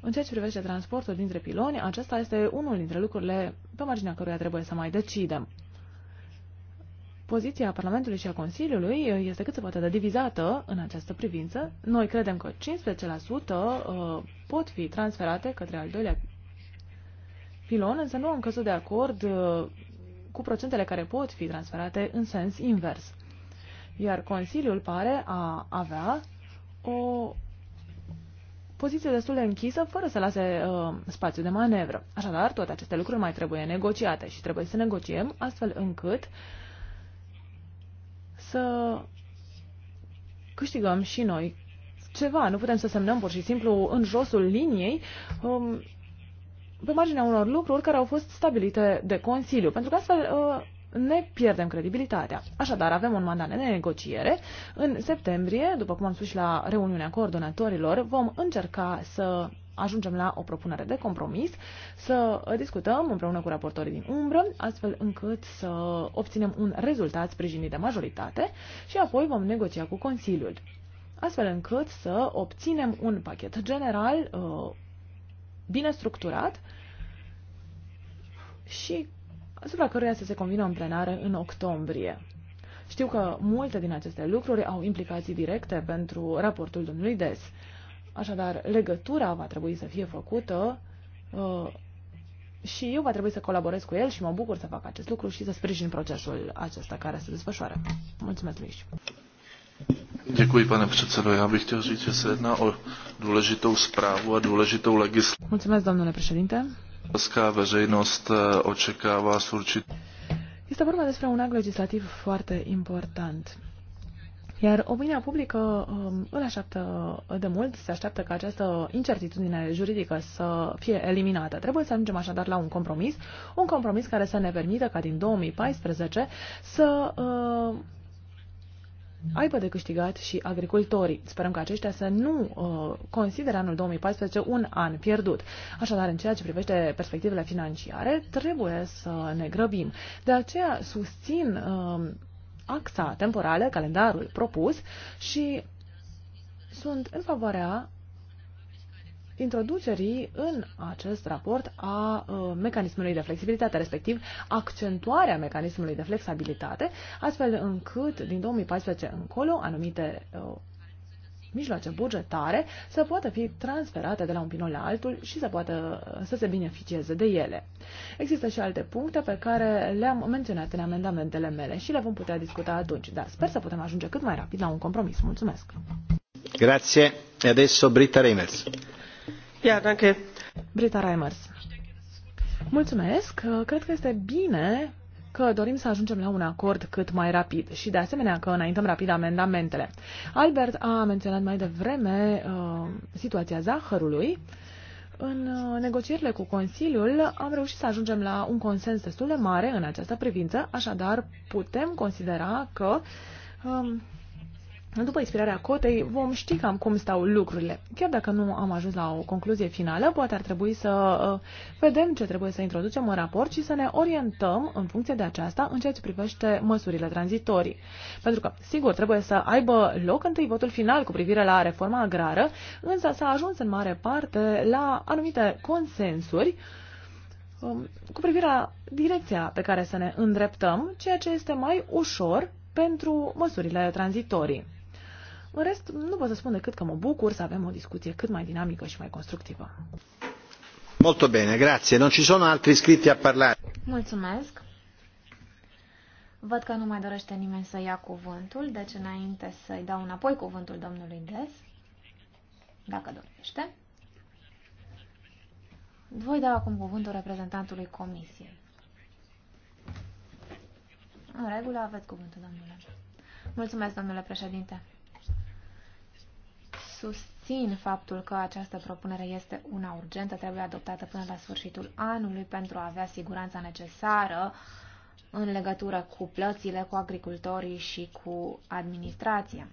În ceea ce privește transportul dintre piloni, acesta este unul dintre lucrurile pe marginea căruia trebuie să mai decidem. Poziția Parlamentului și a Consiliului uh, este cât se poate de divizată în această privință. Noi credem că 15% pot fi transferate către al doilea pilon, însă nu am căzut de acord cu procentele care pot fi transferate în sens invers. Iar Consiliul pare a avea o poziție destul de închisă, fără să lase uh, spațiu de manevră. Așadar, toate aceste lucruri mai trebuie negociate și trebuie să negociem astfel încât să câștigăm și noi ceva. Nu putem să semnăm pur și simplu în josul liniei um, pe marginea unor lucruri care au fost stabilite de Consiliu, pentru că astfel uh, ne pierdem credibilitatea. Așadar, avem un mandat de negociere. În septembrie, după cum am spus și la reuniunea coordonatorilor, vom încerca să ajungem la o propunere de compromis, să discutăm împreună cu raportorii din umbră, astfel încât să obținem un rezultat sprijinit de majoritate și apoi vom negocia cu Consiliul, astfel încât să obținem un pachet general, uh, bine structurat și asupra căruia să se convină în plenare în octombrie. Știu că multe din aceste lucruri au implicații directe pentru raportul domnului Des. Așadar, legătura va trebui să fie făcută uh, și eu va trebui să colaborez cu el și mă bucur să fac acest lucru și să sprijin procesul acesta care se desfășoară. Mulțumesc, Luis! Děkuji, pane předsedo. Já bych chtěl říct, že se jedná o důležitou zprávu a důležitou legislativu. Mulțumesc, domnule președinte. veřejnost eh, očekává s Este vorba despre un act legislativ foarte important. Iar opinia publică um, îl așteaptă de mult, se așteaptă ca această incertitudine juridică să fie eliminată. Trebuie să ajungem așadar la un compromis, un compromis care să ne permită ca din 2014 să uh, aibă de câștigat și agricultorii. Sperăm că aceștia să nu uh, consideră anul 2014 un an pierdut. Așadar, în ceea ce privește perspectivele financiare, trebuie să ne grăbim. De aceea susțin uh, axa temporală, calendarul propus și sunt în favoarea introducerii în acest raport a uh, mecanismului de flexibilitate, respectiv accentuarea mecanismului de flexibilitate, astfel încât din 2014 încolo anumite uh, mijloace bugetare să poată fi transferate de la un pinol la altul și să poată uh, să se beneficieze de ele. Există și alte puncte pe care le-am menționat în amendamentele mele și le vom putea discuta atunci, dar sper să putem ajunge cât mai rapid la un compromis. Mulțumesc! Grazie. E adesso Britta Reimers. Ja, danke. Brita Reimers. Mulțumesc. Cred că este bine că dorim să ajungem la un acord cât mai rapid și, de asemenea, că înaintăm rapid amendamentele. Albert a menționat mai devreme uh, situația zahărului. În uh, negocierile cu Consiliul am reușit să ajungem la un consens destul de mare în această privință, așadar putem considera că um, după expirarea cotei, vom ști cam cum stau lucrurile. Chiar dacă nu am ajuns la o concluzie finală, poate ar trebui să uh, vedem ce trebuie să introducem în raport și să ne orientăm în funcție de aceasta în ceea ce privește măsurile tranzitorii. Pentru că, sigur, trebuie să aibă loc întâi votul final cu privire la reforma agrară, însă s-a ajuns în mare parte la anumite consensuri um, cu privire la direcția pe care să ne îndreptăm, ceea ce este mai ușor pentru măsurile tranzitorii. În rest, nu pot să spun decât că mă bucur să avem o discuție cât mai dinamică și mai constructivă. Molto bene, grazie. Non ci sono altri iscritti a parlare. Mulțumesc. Văd că nu mai dorește nimeni să ia cuvântul, deci înainte să-i dau înapoi cuvântul domnului Des, dacă dorește, voi da acum cuvântul reprezentantului comisiei. În regulă aveți cuvântul, domnule. Mulțumesc, domnule președinte susțin faptul că această propunere este una urgentă, trebuie adoptată până la sfârșitul anului pentru a avea siguranța necesară în legătură cu plățile, cu agricultorii și cu administrația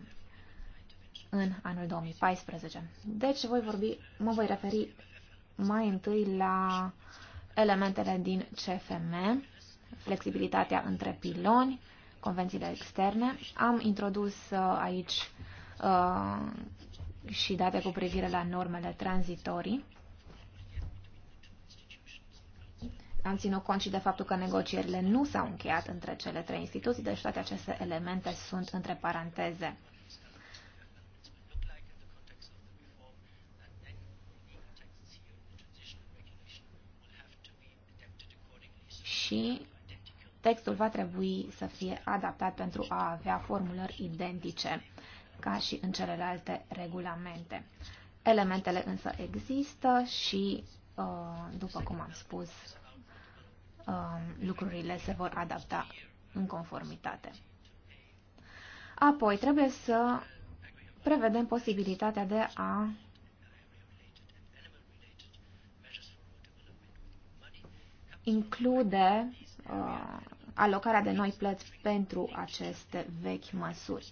în anul 2014. Deci voi vorbi, mă voi referi mai întâi la elementele din CFM, flexibilitatea între piloni, convențiile externe. Am introdus uh, aici uh, și date cu privire la normele tranzitorii. Am ținut cont și de faptul că negocierile nu s-au încheiat între cele trei instituții, deci toate aceste elemente sunt între paranteze. Și textul va trebui să fie adaptat pentru a avea formulări identice ca și în celelalte regulamente. Elementele însă există și, uh, după cum am spus, um, lucrurile se vor adapta în conformitate. Apoi, trebuie să prevedem posibilitatea de a include uh, alocarea de noi plăți pentru aceste vechi măsuri.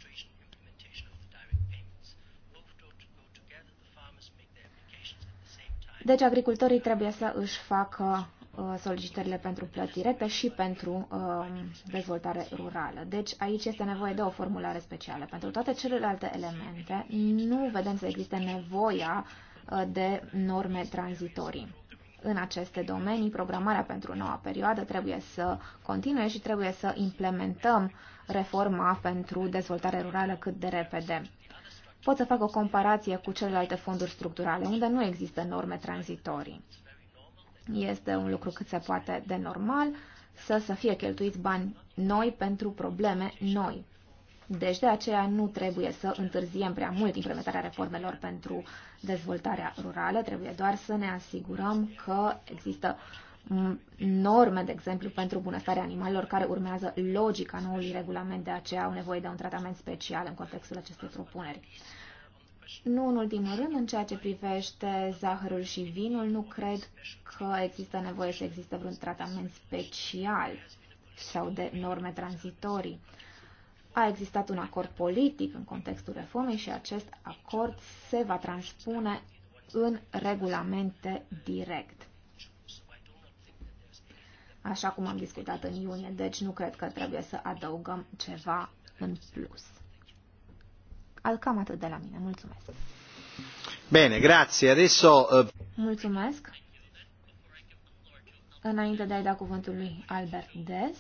Deci agricultorii trebuie să își facă uh, solicitările pentru plăți directe și pentru uh, dezvoltare rurală. Deci aici este nevoie de o formulare specială. Pentru toate celelalte elemente nu vedem să existe nevoia uh, de norme tranzitorii. În aceste domenii, programarea pentru noua perioadă trebuie să continue și trebuie să implementăm reforma pentru dezvoltare rurală cât de repede pot să fac o comparație cu celelalte fonduri structurale, unde nu există norme tranzitorii. Este un lucru cât se poate de normal să, să fie cheltuiți bani noi pentru probleme noi. Deci de aceea nu trebuie să întârziem prea mult implementarea reformelor pentru dezvoltarea rurală, trebuie doar să ne asigurăm că există uh, norme, de exemplu, pentru bunăstarea animalelor care urmează logica noului regulament, de aceea au nevoie de un tratament special în contextul acestei propuneri. Nu în ultimul rând, în ceea ce privește zahărul și vinul, nu cred că există nevoie să există vreun tratament special sau de norme tranzitorii. A existat un acord politic în contextul reformei și acest acord se va transpune în regulamente direct așa cum am discutat în iunie, deci nu cred că trebuie să adăugăm ceva în plus. Al cam atât de la mine. Mulțumesc. Bine, grație. Adesso... Uh... Mulțumesc. Înainte de a-i da cuvântul lui Albert Des,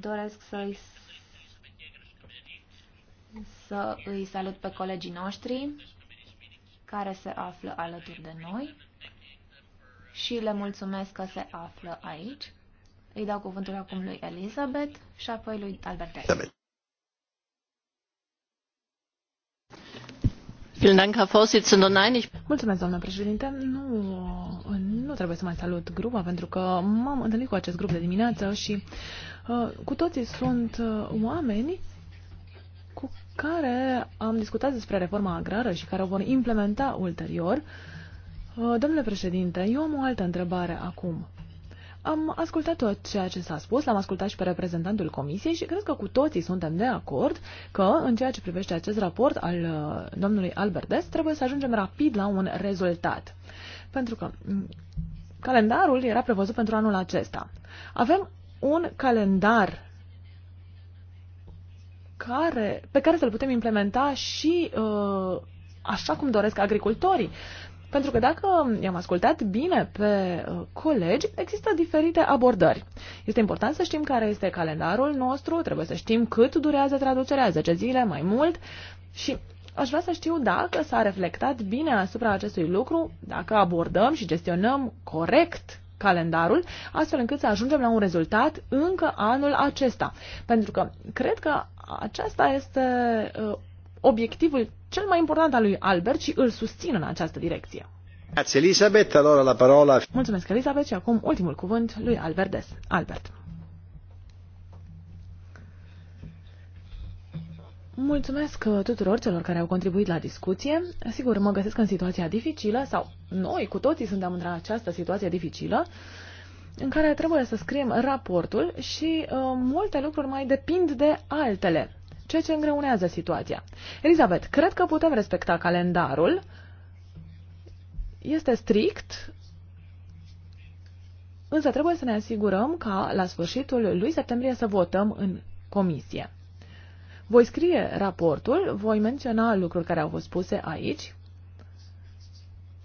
doresc să-i să îi salut pe colegii noștri care se află alături de noi și le mulțumesc că se află aici. Îi dau cuvântul acum lui Elizabeth și apoi lui Albert. Elizabeth. Mulțumesc, doamnă președinte. Nu, nu trebuie să mai salut grupa, pentru că m-am întâlnit cu acest grup de dimineață și uh, cu toții sunt uh, oameni cu care am discutat despre reforma agrară și care o vor implementa ulterior. Uh, Uh, domnule președinte, eu am o altă întrebare acum. Am ascultat tot ceea ce s-a spus, l-am ascultat și pe reprezentantul comisiei și cred că cu toții suntem de acord că în ceea ce privește acest raport al uh, domnului Albertes trebuie să ajungem rapid la un rezultat. Pentru că mm, calendarul era prevăzut pentru anul acesta. Avem un calendar care, pe care să-l putem implementa și uh, așa cum doresc agricultorii. Pentru că dacă i-am ascultat bine pe uh, colegi, există diferite abordări. Este important să știm care este calendarul nostru, trebuie să știm cât durează traducerea, 10 zile, mai mult, și aș vrea să știu dacă s-a reflectat bine asupra acestui lucru, dacă abordăm și gestionăm corect calendarul, astfel încât să ajungem la un rezultat încă anul acesta. Pentru că cred că aceasta este uh, obiectivul cel mai important al lui Albert și îl susțin în această direcție. Grazie Elisabeth, allora la parola. Mulțumesc Elisabeth și acum ultimul cuvânt lui Albert Des. Albert. Mulțumesc uh, tuturor celor care au contribuit la discuție. Sigur, mă găsesc în situația dificilă, sau noi cu toții suntem într această situație dificilă, în care trebuie să scriem raportul și uh, multe lucruri mai depind de altele ceea ce îngreunează situația. Elizabeth, cred că putem respecta calendarul. Este strict, însă trebuie să ne asigurăm ca la sfârșitul lui septembrie să votăm în comisie. Voi scrie raportul, voi menționa lucruri care au fost spuse aici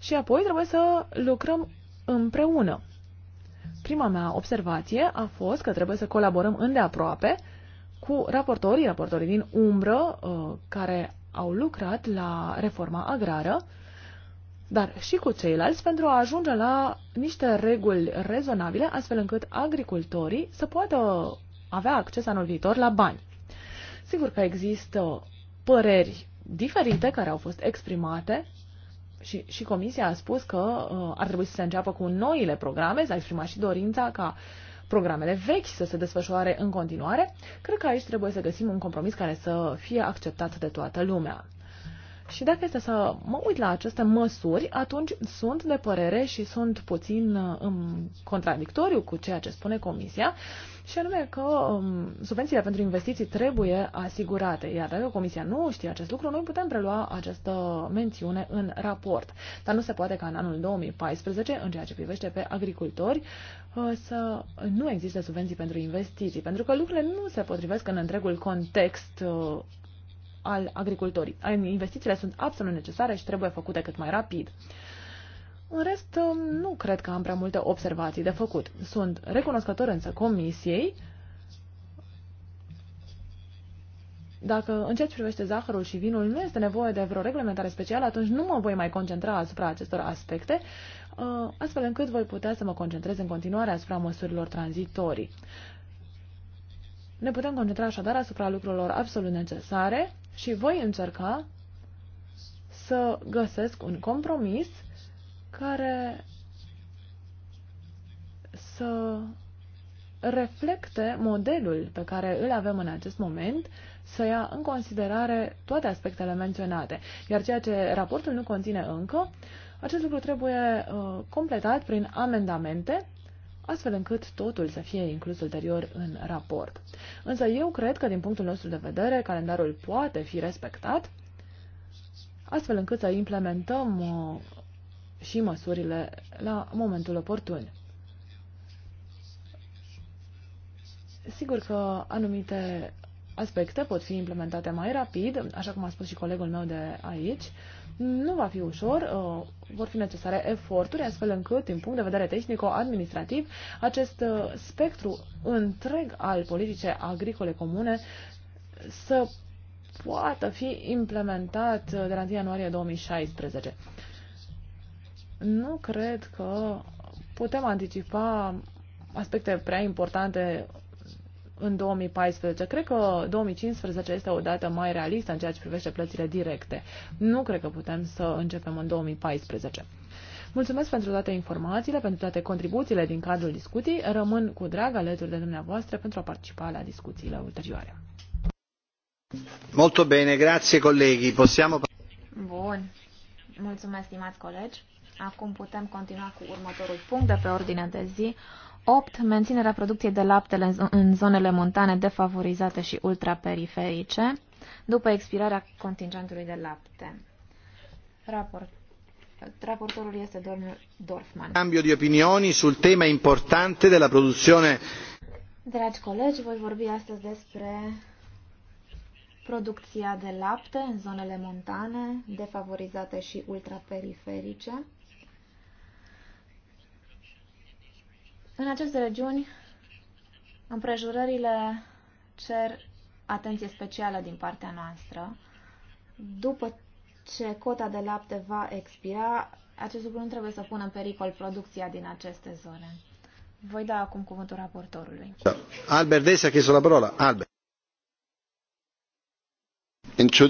și apoi trebuie să lucrăm împreună. Prima mea observație a fost că trebuie să colaborăm îndeaproape cu raportorii, raportorii din umbră, uh, care au lucrat la reforma agrară, dar și cu ceilalți pentru a ajunge la niște reguli rezonabile, astfel încât agricultorii să poată avea acces anul viitor la bani. Sigur că există păreri diferite care au fost exprimate și, și Comisia a spus că uh, ar trebui să se înceapă cu noile programe, s-a exprimat și dorința ca programele vechi să se desfășoare în continuare, cred că aici trebuie să găsim un compromis care să fie acceptat de toată lumea. Și dacă este să mă uit la aceste măsuri, atunci sunt de părere și sunt puțin um, contradictoriu cu ceea ce spune Comisia, și anume că um, subvențiile pentru investiții trebuie asigurate. Iar dacă Comisia nu știe acest lucru, noi putem prelua această mențiune în raport. Dar nu se poate ca în anul 2014, în ceea ce privește pe agricultori, uh, să nu existe subvenții pentru investiții, pentru că lucrurile nu se potrivesc în întregul context uh, al agricultorii. Investițiile sunt absolut necesare și trebuie făcute cât mai rapid. În rest, um, nu cred că am prea multe observații de făcut. Sunt recunoscător însă comisiei dacă în ceea ce privește zahărul și vinul nu este nevoie de vreo reglementare specială, atunci nu mă voi mai concentra asupra acestor aspecte, uh, astfel încât voi putea să mă concentrez în continuare asupra măsurilor tranzitorii. Ne putem concentra așadar asupra lucrurilor absolut necesare și voi încerca să găsesc un compromis care să reflecte modelul pe care îl avem în acest moment, să ia în considerare toate aspectele menționate. Iar ceea ce raportul nu conține încă, acest lucru trebuie uh, completat prin amendamente astfel încât totul să fie inclus ulterior în raport. Însă eu cred că, din punctul nostru de vedere, calendarul poate fi respectat, astfel încât să implementăm uh, și măsurile la momentul oportun. Sigur că anumite aspecte pot fi implementate mai rapid, așa cum a spus și colegul meu de aici, nu va fi ușor, uh, vor fi necesare eforturi, astfel încât, din punct de vedere tehnico-administrativ, acest uh, spectru întreg al politicii agricole comune să poată fi implementat uh, de la 1 ianuarie 2016. Nu cred că putem anticipa aspecte prea importante în 2014. Cred că 2015 este o dată mai realistă în ceea ce privește plățile directe. Nu cred că putem să începem în 2014. Mulțumesc pentru toate informațiile, pentru toate contribuțiile din cadrul discuției. Rămân cu drag alături de dumneavoastră pentru a participa la discuțiile ulterioare. Molto bene, grazie colleghi. Possiamo... Bun. Mulțumesc, stimați colegi. Acum putem continua cu următorul punct de pe ordinea de zi, 8. Menținerea producției de lapte în zonele montane defavorizate și ultraperiferice după expirarea contingentului de lapte. Raport. Raportorul este domnul Dorfman. Cambio di opinioni sul tema importante della produzione. Dragi colegi, voi vorbi astăzi despre producția de lapte în zonele montane, defavorizate și ultraperiferice. În aceste regiuni, împrejurările cer atenție specială din partea noastră. După ce cota de lapte va expira, acest lucru nu trebuie să pună în pericol producția din aceste zone. Voi da acum cuvântul raportorului. Albert Desi a chis la parola. Albert. Îmi cer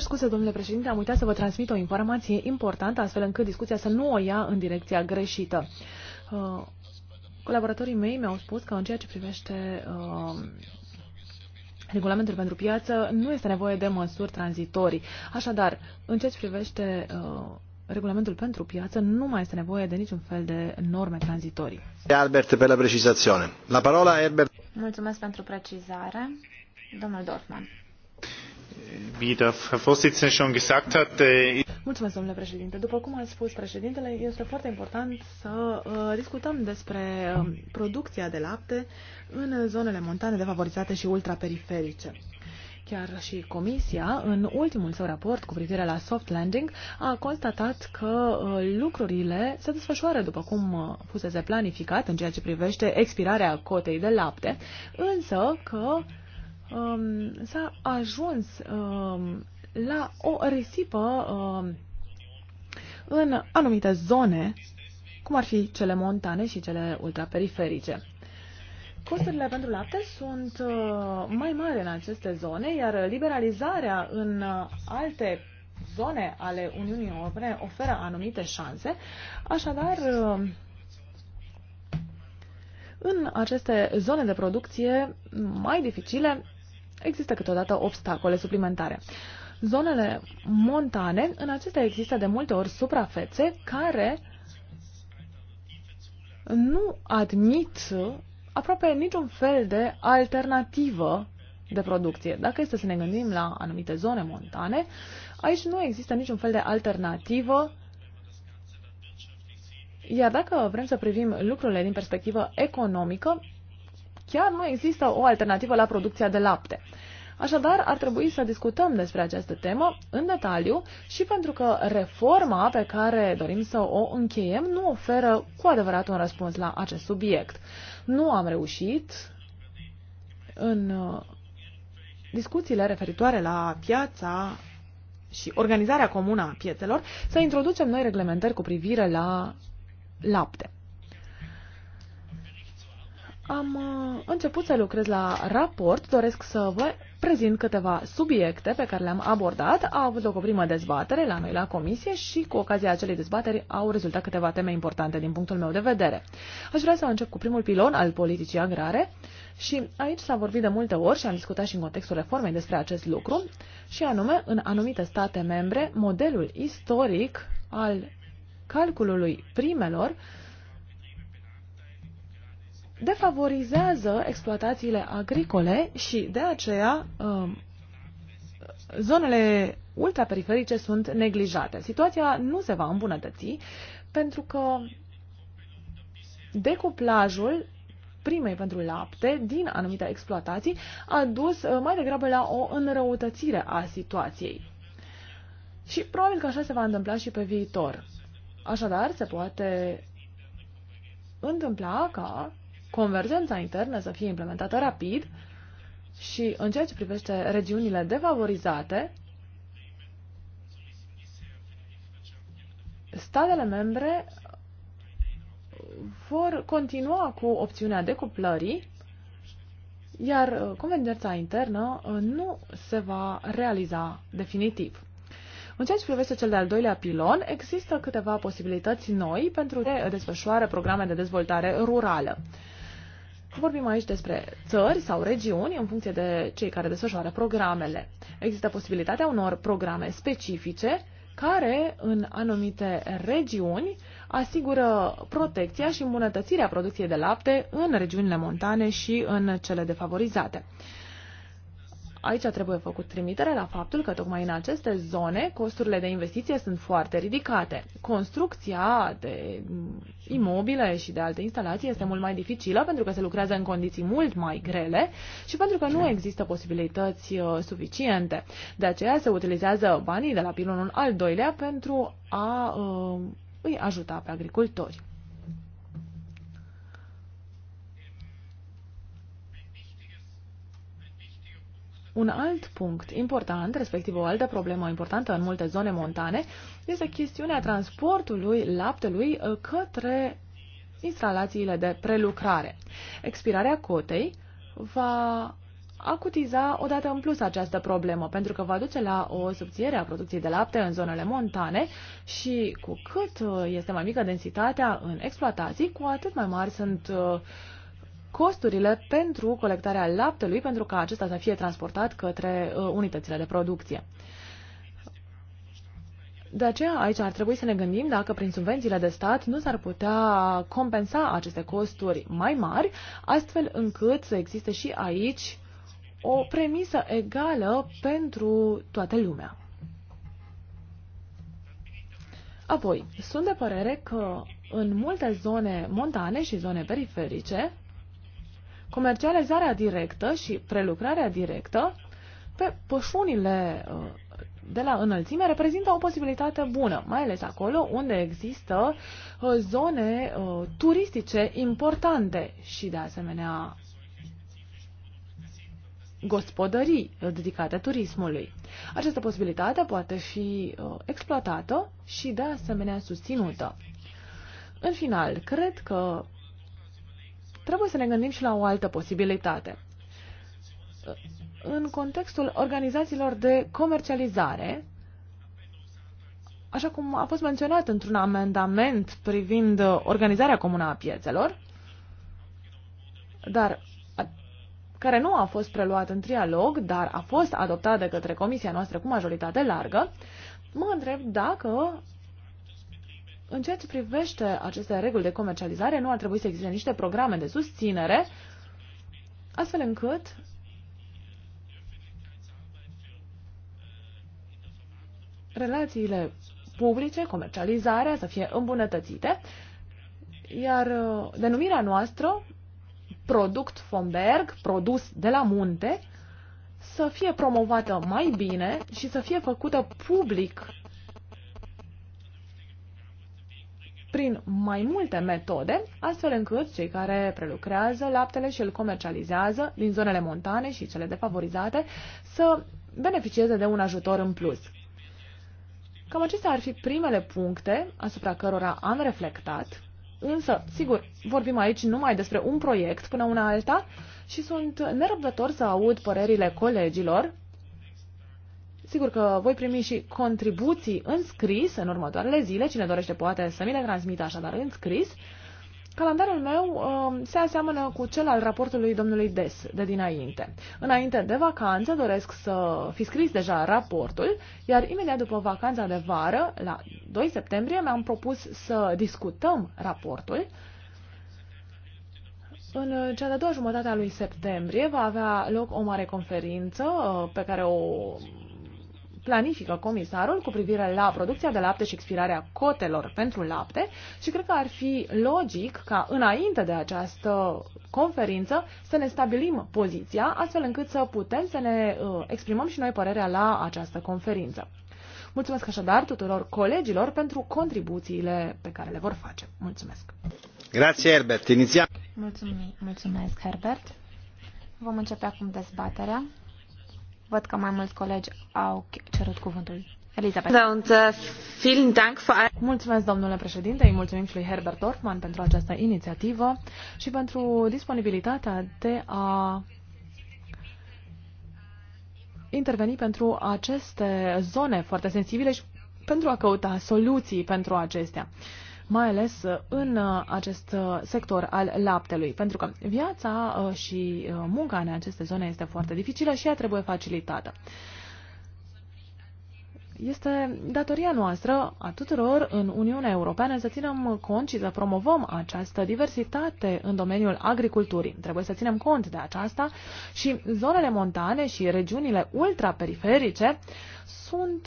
scuze, domnule președinte, am uitat să vă transmit o informație importantă, astfel încât discuția să nu o ia în direcția greșită. Uh, colaboratorii mei mi-au spus că în ceea ce privește uh, regulamentul pentru piață, nu este nevoie de măsuri tranzitorii. Așadar, în ceea ce privește uh, regulamentul pentru piață, nu mai este nevoie de niciun fel de norme tranzitorii. Albert, pe la precizațiune. La parola, Herbert. Mulțumesc pentru precizare. Domnul Dorfman. Äh, Mulțumesc, domnule președinte. După cum a spus președintele, este foarte important să uh, discutăm despre um, producția de lapte în zonele montane defavorizate și ultraperiferice. Chiar și Comisia, în ultimul său raport cu privire la soft landing, a constatat că uh, lucrurile se desfășoară după cum uh, fusese planificat în ceea ce privește expirarea cotei de lapte, însă că um, s-a ajuns um, la o risipă um, în anumite zone, cum ar fi cele montane și cele ultraperiferice. Costurile pentru lapte sunt uh, mai mari în aceste zone, iar liberalizarea în uh, alte zone ale Uniunii Europene oferă anumite șanse. Așadar, uh, în aceste zone de producție mai dificile, există câteodată obstacole suplimentare. Zonele montane, în acestea există de multe ori suprafețe care nu admit aproape niciun fel de alternativă de producție. Dacă este să ne gândim la anumite zone montane, aici nu există niciun fel de alternativă iar dacă vrem să privim lucrurile din perspectivă economică, chiar nu există o alternativă la producția de lapte. Așadar, ar trebui să discutăm despre această temă în detaliu și pentru că reforma pe care dorim să o încheiem nu oferă cu adevărat un răspuns la acest subiect. Nu am reușit în uh, discuțiile referitoare la piața și organizarea comună a piețelor să introducem noi reglementări cu privire la lapte. Am uh, început să lucrez la raport, doresc să vă prezint câteva subiecte pe care le-am abordat. A avut loc o primă dezbatere la noi la comisie și cu ocazia acelei dezbateri au rezultat câteva teme importante din punctul meu de vedere. Aș vrea să încep cu primul pilon al politicii agrare și aici s-a vorbit de multe ori și am discutat și în contextul reformei despre acest lucru și anume în anumite state membre modelul istoric al calculului primelor uh, defavorizează exploatațiile agricole și de aceea um, zonele ultraperiferice sunt neglijate. Situația nu se va îmbunătăți pentru că decuplajul primei pentru lapte din anumite exploatații a dus uh, mai degrabă la o înrăutățire a situației. Și probabil că așa se va întâmpla și pe viitor. Așadar, se poate întâmpla ca convergența internă să fie implementată rapid și în ceea ce privește regiunile defavorizate, statele membre vor continua cu opțiunea decuplării, iar uh, convergența internă uh, nu se va realiza definitiv. În ceea ce privește cel de-al doilea pilon, există câteva posibilități noi pentru a desfășoare programe de dezvoltare rurală. Vorbim aici despre țări sau regiuni în funcție de cei care desfășoară programele. Există posibilitatea unor programe specifice care în anumite regiuni asigură protecția și îmbunătățirea producției de lapte în regiunile montane și în cele defavorizate. Aici trebuie făcut trimitere la faptul că tocmai în aceste zone costurile de investiție sunt foarte ridicate. Construcția de imobile și de alte instalații este mult mai dificilă pentru că se lucrează în condiții mult mai grele și pentru că nu există posibilități uh, suficiente. De aceea se utilizează banii de la pilonul al doilea pentru a uh, îi ajuta pe agricultori. Un alt punct important, respectiv o altă problemă importantă în multe zone montane, este chestiunea transportului laptelui uh, către instalațiile de prelucrare. Expirarea cotei va acutiza odată în plus această problemă, pentru că va duce la o subțiere a producției de lapte în zonele montane și cu cât uh, este mai mică densitatea în exploatații, cu atât mai mari sunt uh, costurile pentru colectarea laptelui, pentru ca acesta să fie transportat către uh, unitățile de producție. De aceea, aici ar trebui să ne gândim dacă prin subvențiile de stat nu s-ar putea compensa aceste costuri mai mari, astfel încât să existe și aici o premisă egală pentru toată lumea. Apoi, sunt de părere că în multe zone montane și zone periferice, comercializarea directă și prelucrarea directă pe pășunile uh, de la înălțime reprezintă o posibilitate bună, mai ales acolo unde există uh, zone uh, turistice importante și de asemenea gospodării dedicate turismului. Această posibilitate poate fi exploatată și de asemenea susținută. În final, cred că trebuie să ne gândim și la o altă posibilitate. În contextul organizațiilor de comercializare, așa cum a fost menționat într-un amendament privind organizarea comună a piețelor, dar care nu a fost preluat în trialog, dar a fost adoptat de către comisia noastră cu majoritate largă, mă întreb dacă în ceea ce privește aceste reguli de comercializare, nu ar trebui să existe niște programe de susținere, astfel încât relațiile publice, comercializarea să fie îmbunătățite, iar uh, denumirea noastră, product vom Berg, produs de la munte, să fie promovată mai bine și să fie făcută public prin mai multe metode, astfel încât cei care prelucrează laptele și îl comercializează din zonele montane și cele defavorizate să beneficieze de un ajutor în plus. Cam acestea ar fi primele puncte asupra cărora am reflectat, însă, sigur, vorbim aici numai despre un proiect până una alta și sunt nerăbdător să aud părerile colegilor Sigur că voi primi și contribuții în scris în următoarele zile. Cine dorește poate să mi le transmită așadar în scris. Calendarul meu um, se aseamănă cu cel al raportului domnului Des de dinainte. Înainte de vacanță doresc să fi scris deja raportul, iar imediat după vacanța de vară, la 2 septembrie, mi-am propus să discutăm raportul. În cea de-a doua jumătate a lui septembrie va avea loc o mare conferință uh, pe care o planifică comisarul cu privire la producția de lapte și expirarea cotelor pentru lapte și cred că ar fi logic ca înainte de această conferință să ne stabilim poziția astfel încât să putem să ne uh, exprimăm și noi părerea la această conferință. Mulțumesc așadar tuturor colegilor pentru contribuțiile pe care le vor face. Mulțumesc! Grazie, Herbert. Inițiam. Mulțumim. Mulțumesc, Herbert. Vom începe acum dezbaterea. Văd că mai mulți colegi au cerut cuvântul. Elizabeth. Da, äh, Mulțumesc, domnule președinte, îi mulțumim și lui Herbert Dorfman pentru această inițiativă și pentru disponibilitatea de a interveni pentru aceste zone foarte sensibile și pentru a căuta soluții pentru acestea. Uh, mai ales uh, în uh, acest uh, sector al laptelui, pentru că viața și munca în aceste zone este foarte dificilă și ea trebuie facilitată. Este datoria noastră a tuturor în Uniunea Europeană să ținem cont și să promovăm această diversitate în domeniul agriculturii. Trebuie să ținem cont de aceasta și zonele montane și regiunile ultraperiferice sunt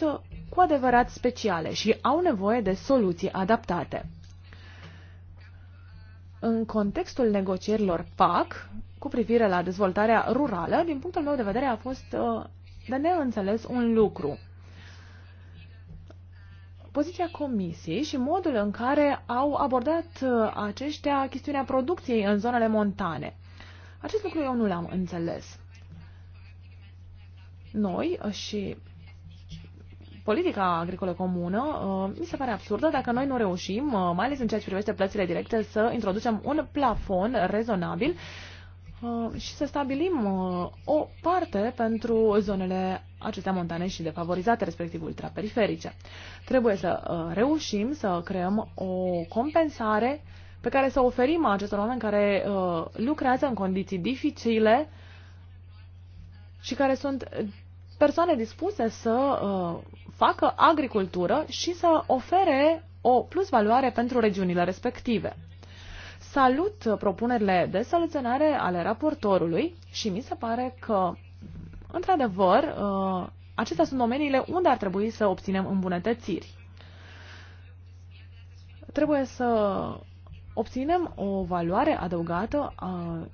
cu adevărat speciale și au nevoie de soluții adaptate. În contextul negocierilor PAC cu privire la dezvoltarea rurală, din punctul meu de vedere a fost uh, de neînțeles un lucru poziția comisiei și modul în care au abordat uh, aceștia chestiunea producției în zonele montane. Acest lucru eu nu l-am înțeles. Noi uh, și politica agricolă comună uh, mi se pare absurdă dacă noi nu reușim, mai ales în ceea ce privește plățile directe, să introducem un plafon rezonabil Uh, și să stabilim uh, o parte pentru zonele acestea montane și defavorizate, respectiv ultraperiferice. Trebuie să uh, reușim să creăm o compensare pe care să oferim acestor oameni care lucrează în condiții dificile și care sunt persoane dispuse să facă agricultură și să ofere o plusvaloare pentru regiunile respective salut propunerile de soluționare ale raportorului și mi se pare că, într-adevăr, uh, acestea sunt domeniile unde ar trebui să obținem îmbunătățiri. Trebuie să obținem o valoare adăugată a, uh,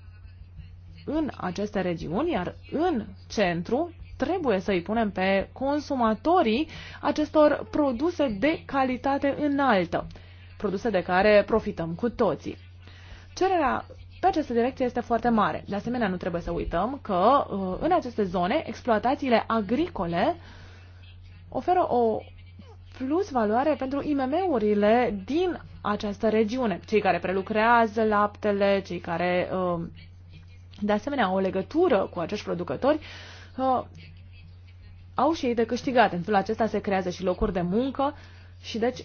în aceste regiuni, iar în centru trebuie să îi punem pe consumatorii acestor produse de calitate înaltă, produse de care profităm cu toții. Cererea pe această direcție este foarte mare. De asemenea, nu trebuie să uităm că uh, în aceste zone exploatațiile agricole oferă o plus valoare pentru IMM-urile din această regiune. Cei care prelucrează laptele, cei care uh, de asemenea au o legătură cu acești producători, uh, au și ei de câștigat. În felul acesta se creează și locuri de muncă și deci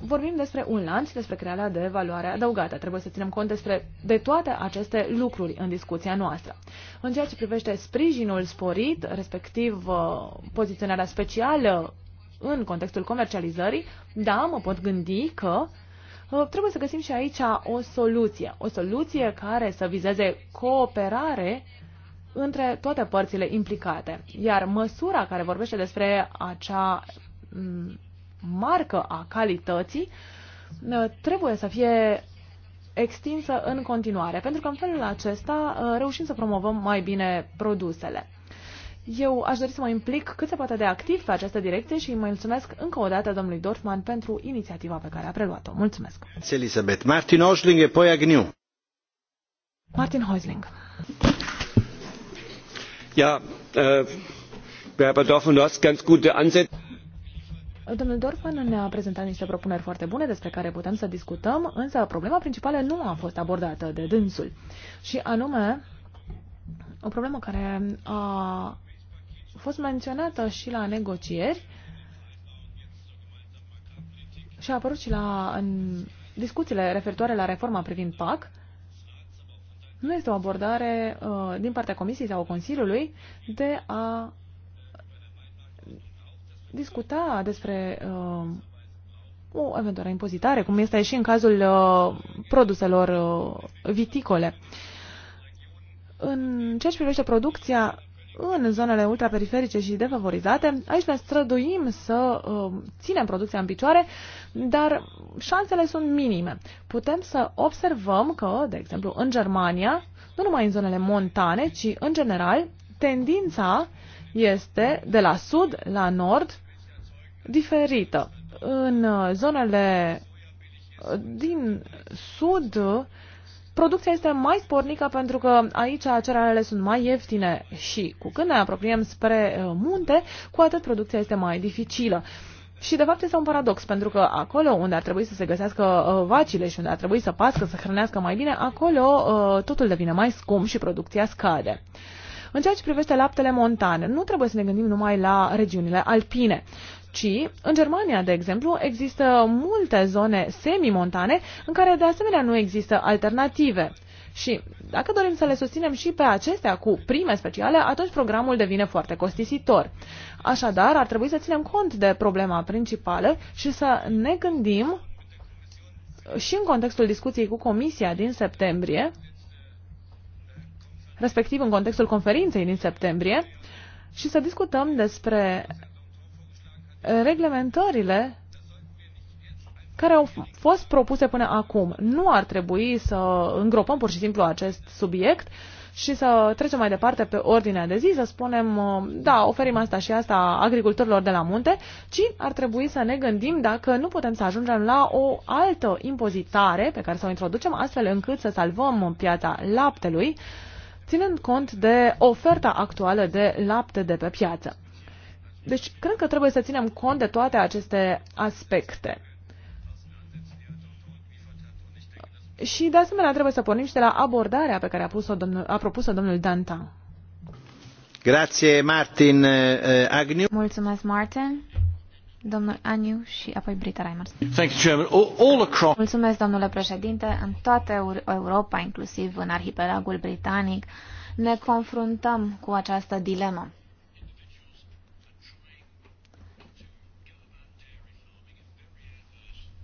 vorbim despre un lanț, despre crearea de valoare adăugată. Trebuie să ținem cont despre, de toate aceste lucruri în discuția noastră. În ceea ce privește sprijinul sporit, respectiv uh, poziționarea specială în contextul comercializării, da, mă pot gândi că uh, trebuie să găsim și aici o soluție. O soluție care să vizeze cooperare între toate părțile implicate. Iar măsura care vorbește despre acea marcă a calității uh, trebuie să fie extinsă în continuare, pentru că în felul acesta uh, reușim să promovăm mai bine produsele. Eu aș dori să mă implic cât se poate de activ pe această direcție și îi mulțumesc încă o dată domnului Dorfman pentru inițiativa pe care a preluat-o. Mulțumesc! Elizabeth. Martin Osling, apoi Agniu. Martin Häusling. Ja, äh, Herr Dorfman, du hast ganz gute Ansätze. Domnul Dorfman ne-a prezentat niște propuneri foarte bune despre care putem să discutăm, însă problema principală nu a fost abordată de dânsul. Și anume, o problemă care a fost menționată și la negocieri și a apărut și la în discuțiile referitoare la reforma privind PAC, nu este o abordare uh, din partea Comisiei sau Consiliului de a discuta despre uh, o eventuală impozitare, cum este și în cazul uh, produselor uh, viticole. În ceea ce privește producția în zonele ultraperiferice și defavorizate, aici ne străduim să uh, ținem producția în picioare, dar șansele sunt minime. Putem să observăm că, de exemplu, în Germania, nu numai în zonele montane, ci în general, tendința uh, este de la sud la nord diferită. În uh, zonele uh, din sud, producția este mai spornică pentru că aici cerealele sunt mai ieftine și cu când ne apropiem spre uh, munte, cu atât producția este mai dificilă. Și de fapt este un paradox, pentru că acolo unde ar trebui să se găsească vacile și unde ar trebui să pască, să hrănească mai bine, acolo totul devine mai scump și producția scade. În ceea ce privește laptele montan, nu trebuie să ne gândim numai la regiunile alpine ci în Germania, de exemplu, există multe zone semimontane în care de asemenea nu există alternative. Și dacă dorim să le susținem și pe acestea cu prime speciale, atunci programul devine foarte costisitor. Așadar, ar trebui să ținem cont de problema principală și să ne gândim și în contextul discuției cu Comisia din septembrie respectiv în contextul conferinței din septembrie, și să discutăm despre reglementările care au fost propuse până acum. Nu ar trebui să îngropăm pur și simplu acest subiect și să trecem mai departe pe ordinea de zi, să spunem, da, oferim asta și asta agricultorilor de la munte, ci ar trebui să ne gândim dacă nu putem să ajungem la o altă impozitare pe care să o introducem astfel încât să salvăm piața laptelui ținând cont de oferta actuală de lapte de pe piață. Deci, cred că trebuie să ținem cont de toate aceste aspecte. Și, de asemenea, trebuie să pornim și de la abordarea pe care a, pus-o domnul, a propus-o domnul Dantan. Grazie, Martin eh, eh, Agnew. Mulțumesc, Martin domnul Aniu și apoi Brita Reimers. Thank you, Chairman. All, across... Mulțumesc, domnule președinte. În toată Europa, inclusiv în arhipelagul britanic, ne confruntăm cu această dilemă.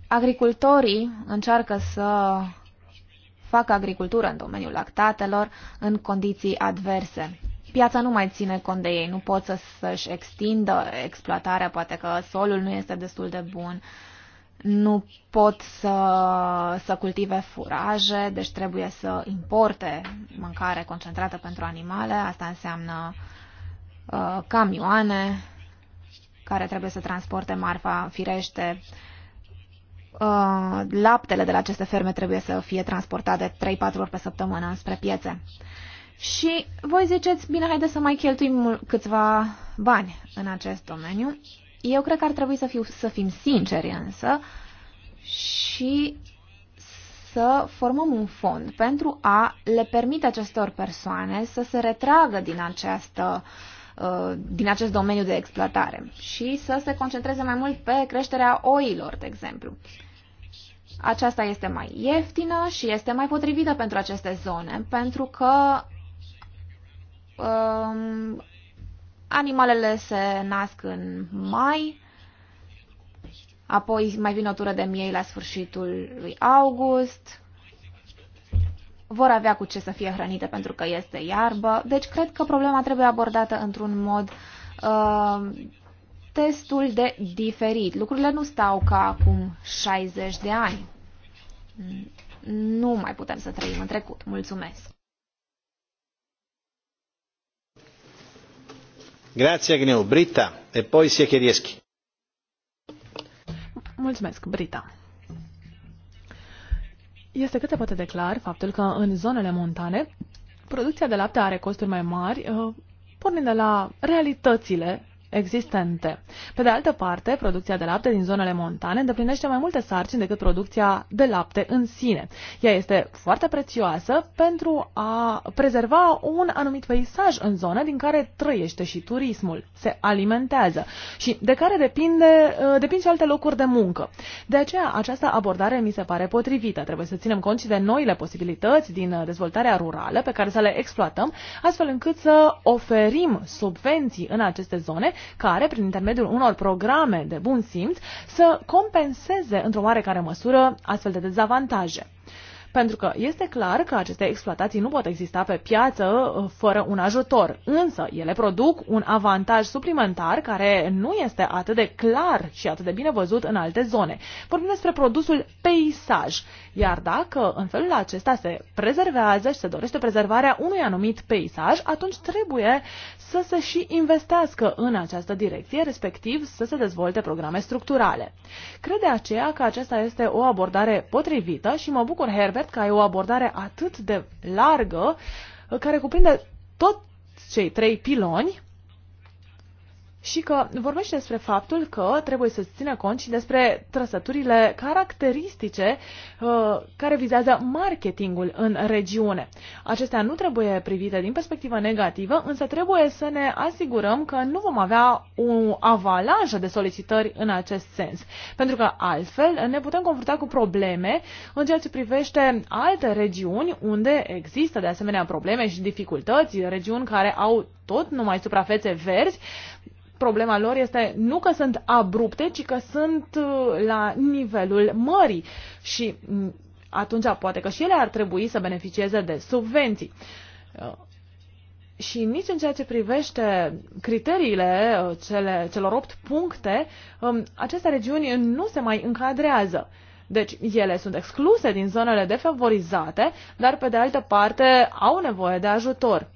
Agricultorii încearcă să facă agricultură în domeniul lactatelor în condiții adverse piața nu mai ține cont de ei, nu pot să, să-și extindă exploatarea, poate că solul nu este destul de bun, nu pot să, să cultive furaje, deci trebuie să importe mâncare concentrată pentru animale, asta înseamnă uh, camioane care trebuie să transporte marfa firește, uh, laptele de la aceste ferme trebuie să fie transportate 3-4 ori pe săptămână spre piețe. Și voi ziceți, bine, haideți să mai cheltuim câțiva bani în acest domeniu. Eu cred că ar trebui să, fiu, să fim sinceri însă și să formăm un fond pentru a le permite acestor persoane să se retragă din, această, uh, din acest domeniu de exploatare și să se concentreze mai mult pe creșterea oilor, de exemplu. Aceasta este mai ieftină și este mai potrivită pentru aceste zone, pentru că um, animalele se nasc în mai, apoi mai vine o tură de miei la sfârșitul lui august, vor avea cu ce să fie hrănite pentru că este iarbă, deci cred că problema trebuie abordată într-un mod uh, um, destul de diferit. Lucrurile nu stau ca acum 60 de ani. Nu mai putem să trăim în trecut. Mulțumesc! Mulțumesc, Brita. Este cât se poate clar faptul că în zonele montane producția de lapte are costuri mai mari, uh, pornind de la realitățile existente. Pe de altă parte, producția de lapte din zonele montane îndeplinește mai multe sarcini decât producția de lapte în sine. Ea este foarte prețioasă pentru a prezerva un anumit peisaj în zone din care trăiește și turismul, se alimentează și de care depinde, uh, depind și alte locuri de muncă. De aceea, această abordare mi se pare potrivită. Trebuie să ținem cont și de noile posibilități din uh, dezvoltarea rurală pe care să le exploatăm, astfel încât să oferim subvenții în aceste zone care, prin intermediul unor programe de bun simț, să compenseze într-o oarecare măsură astfel de dezavantaje. Pentru că este clar că aceste exploatații nu pot exista pe piață uh, fără un ajutor, însă ele produc un avantaj suplimentar care nu este atât de clar și atât de bine văzut în alte zone. Vorbim despre produsul peisaj, iar dacă în felul acesta se prezervează și se dorește prezervarea unui anumit peisaj, atunci trebuie să se și investească în această direcție, respectiv să se dezvolte programe structurale. Cred de aceea că aceasta este o abordare potrivită și mă bucur, Herbert, cred că ai o abordare atât de largă care cuprinde tot cei trei piloni și că vorbește despre faptul că trebuie să țină cont și despre trăsăturile caracteristice uh, care vizează marketingul în regiune. Acestea nu trebuie privite din perspectivă negativă, însă trebuie să ne asigurăm că nu vom avea o avalanșă de solicitări în acest sens, pentru că altfel ne putem confrunta cu probleme în ceea ce privește alte regiuni unde există de asemenea probleme și dificultăți, regiuni care au tot numai suprafețe verzi, problema lor este nu că sunt abrupte, ci că sunt uh, la nivelul mării și mm, atunci poate că și ele ar trebui să beneficieze de subvenții. Uh, și nici în ceea ce privește criteriile uh, cele, celor opt puncte, um, aceste regiuni nu se mai încadrează. Deci ele sunt excluse din zonele defavorizate, dar pe de altă parte au nevoie de ajutor.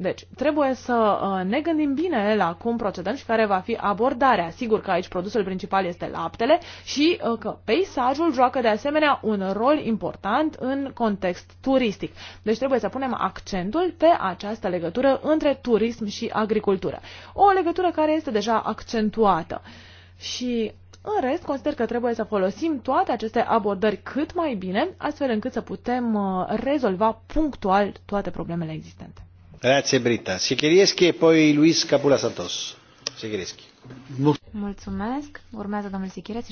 Deci, trebuie să uh, ne gândim bine la cum procedăm și care va fi abordarea. Sigur că aici produsul principal este laptele și uh, că peisajul joacă de asemenea un rol important în context turistic. Deci trebuie să punem accentul pe această legătură între turism și agricultură. O legătură care este deja accentuată. Și în rest, consider că trebuie să folosim toate aceste abordări cât mai bine, astfel încât să putem uh, rezolva punctual toate problemele existente. Mulțumesc. și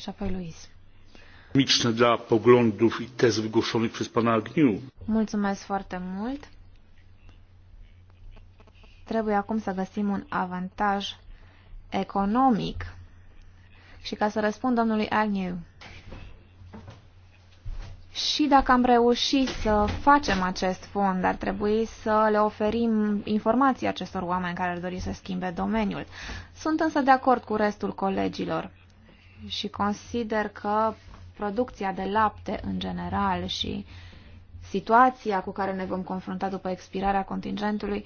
apoi Luis. dla poglądów i tez wygłoszonych przez pana Agniu. Mulțumesc foarte mult. Trebuie acum să găsim un avantaj economic. Și ca să răspund domnului Agnew, și dacă am reușit să facem acest fond, ar trebui să le oferim informații acestor oameni care ar dori să schimbe domeniul. Sunt însă de acord cu restul colegilor și consider că producția de lapte în general și situația cu care ne vom confrunta după expirarea contingentului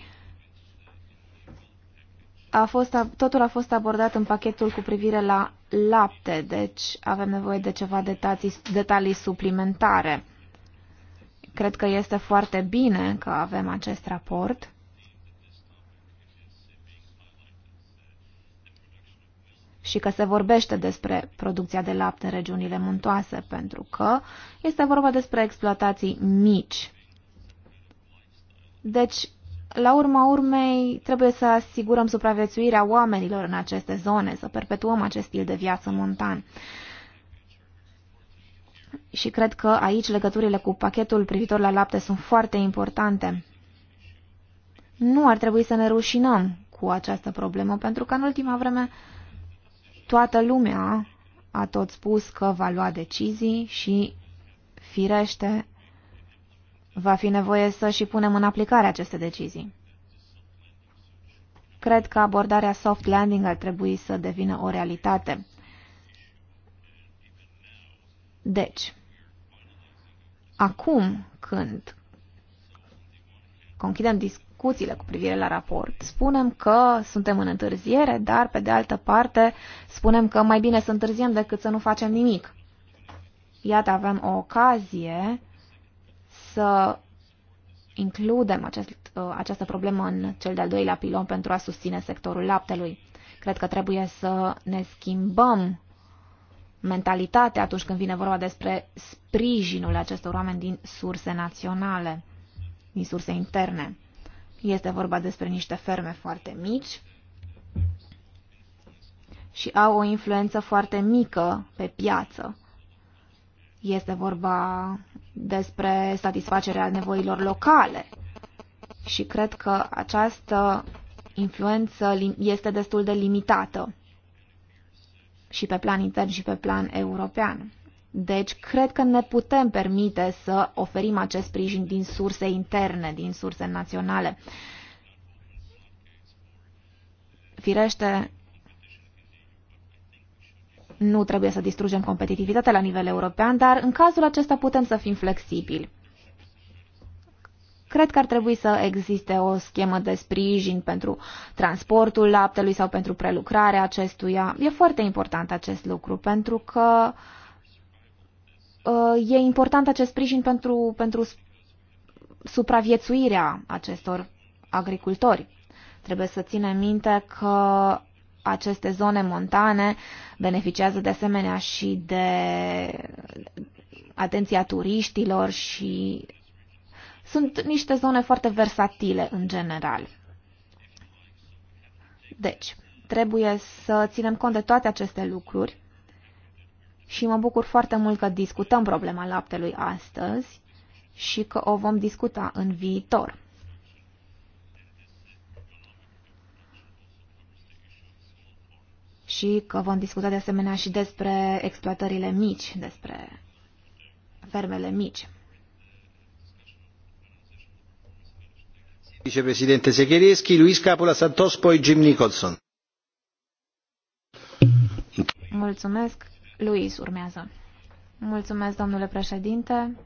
a fost, totul a fost abordat în pachetul cu privire la lapte, deci avem nevoie de ceva detalii, detalii suplimentare. Cred că este foarte bine că avem acest raport. și că se vorbește despre producția de lapte în regiunile muntoase, pentru că este vorba despre exploatații mici. Deci, la urma urmei, trebuie să asigurăm supraviețuirea oamenilor în aceste zone, să perpetuăm acest stil de viață montan. Și cred că aici legăturile cu pachetul privitor la lapte sunt foarte importante. Nu ar trebui să ne rușinăm cu această problemă, pentru că în ultima vreme toată lumea a tot spus că va lua decizii și, firește, va fi nevoie să și punem în aplicare aceste decizii. Cred că abordarea soft landing ar trebui să devină o realitate. Deci, acum când conchidem discuțiile cu privire la raport, spunem că suntem în întârziere, dar pe de altă parte spunem că mai bine să întârziem decât să nu facem nimic. Iată, avem o ocazie să includem acest, uh, această problemă în cel de-al doilea pilon pentru a susține sectorul laptelui. Cred că trebuie să ne schimbăm mentalitatea atunci când vine vorba despre sprijinul acestor oameni din surse naționale, din surse interne. Este vorba despre niște ferme foarte mici și au o influență foarte mică pe piață. Este vorba despre satisfacerea nevoilor locale. Și cred că această influență este destul de limitată și pe plan intern și pe plan european. Deci, cred că ne putem permite să oferim acest sprijin din surse interne, din surse naționale. Firește, nu trebuie să distrugem competitivitatea la nivel european, dar în cazul acesta putem să fim flexibili. Cred că ar trebui să existe o schemă de sprijin pentru transportul laptelui sau pentru prelucrarea acestuia. E foarte important acest lucru pentru că uh, e important acest sprijin pentru, pentru supraviețuirea acestor agricultori. Trebuie să ținem minte că aceste zone montane beneficiază de asemenea și de atenția turiștilor și sunt niște zone foarte versatile în general. Deci, trebuie să ținem cont de toate aceste lucruri și mă bucur foarte mult că discutăm problema laptelui astăzi și că o vom discuta în viitor. și că vom discuta de asemenea și despre exploatările mici, despre fermele mici. Vicepreședinte Sechereschi, Luis Capula Santos, poi Jim Nicholson. Mulțumesc. Luis urmează. Mulțumesc, domnule președinte.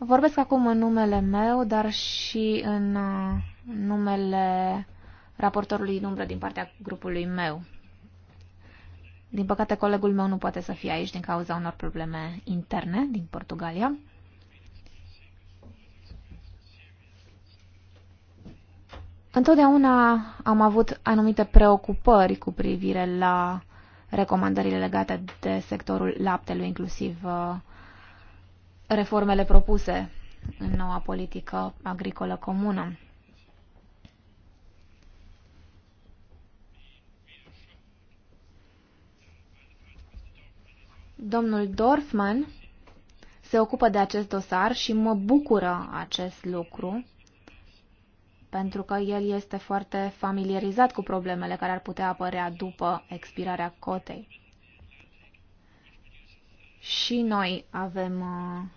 Vorbesc acum în numele meu, dar și în uh, numele raportorului în umbră din partea grupului meu. Din păcate, colegul meu nu poate să fie aici din cauza unor probleme interne din Portugalia. Întotdeauna am avut anumite preocupări cu privire la recomandările legate de sectorul laptelui, inclusiv uh, reformele propuse în noua politică agricolă comună. Domnul Dorfman se ocupă de acest dosar și mă bucură acest lucru, pentru că el este foarte familiarizat cu problemele care ar putea apărea după expirarea cotei. Și noi avem uh,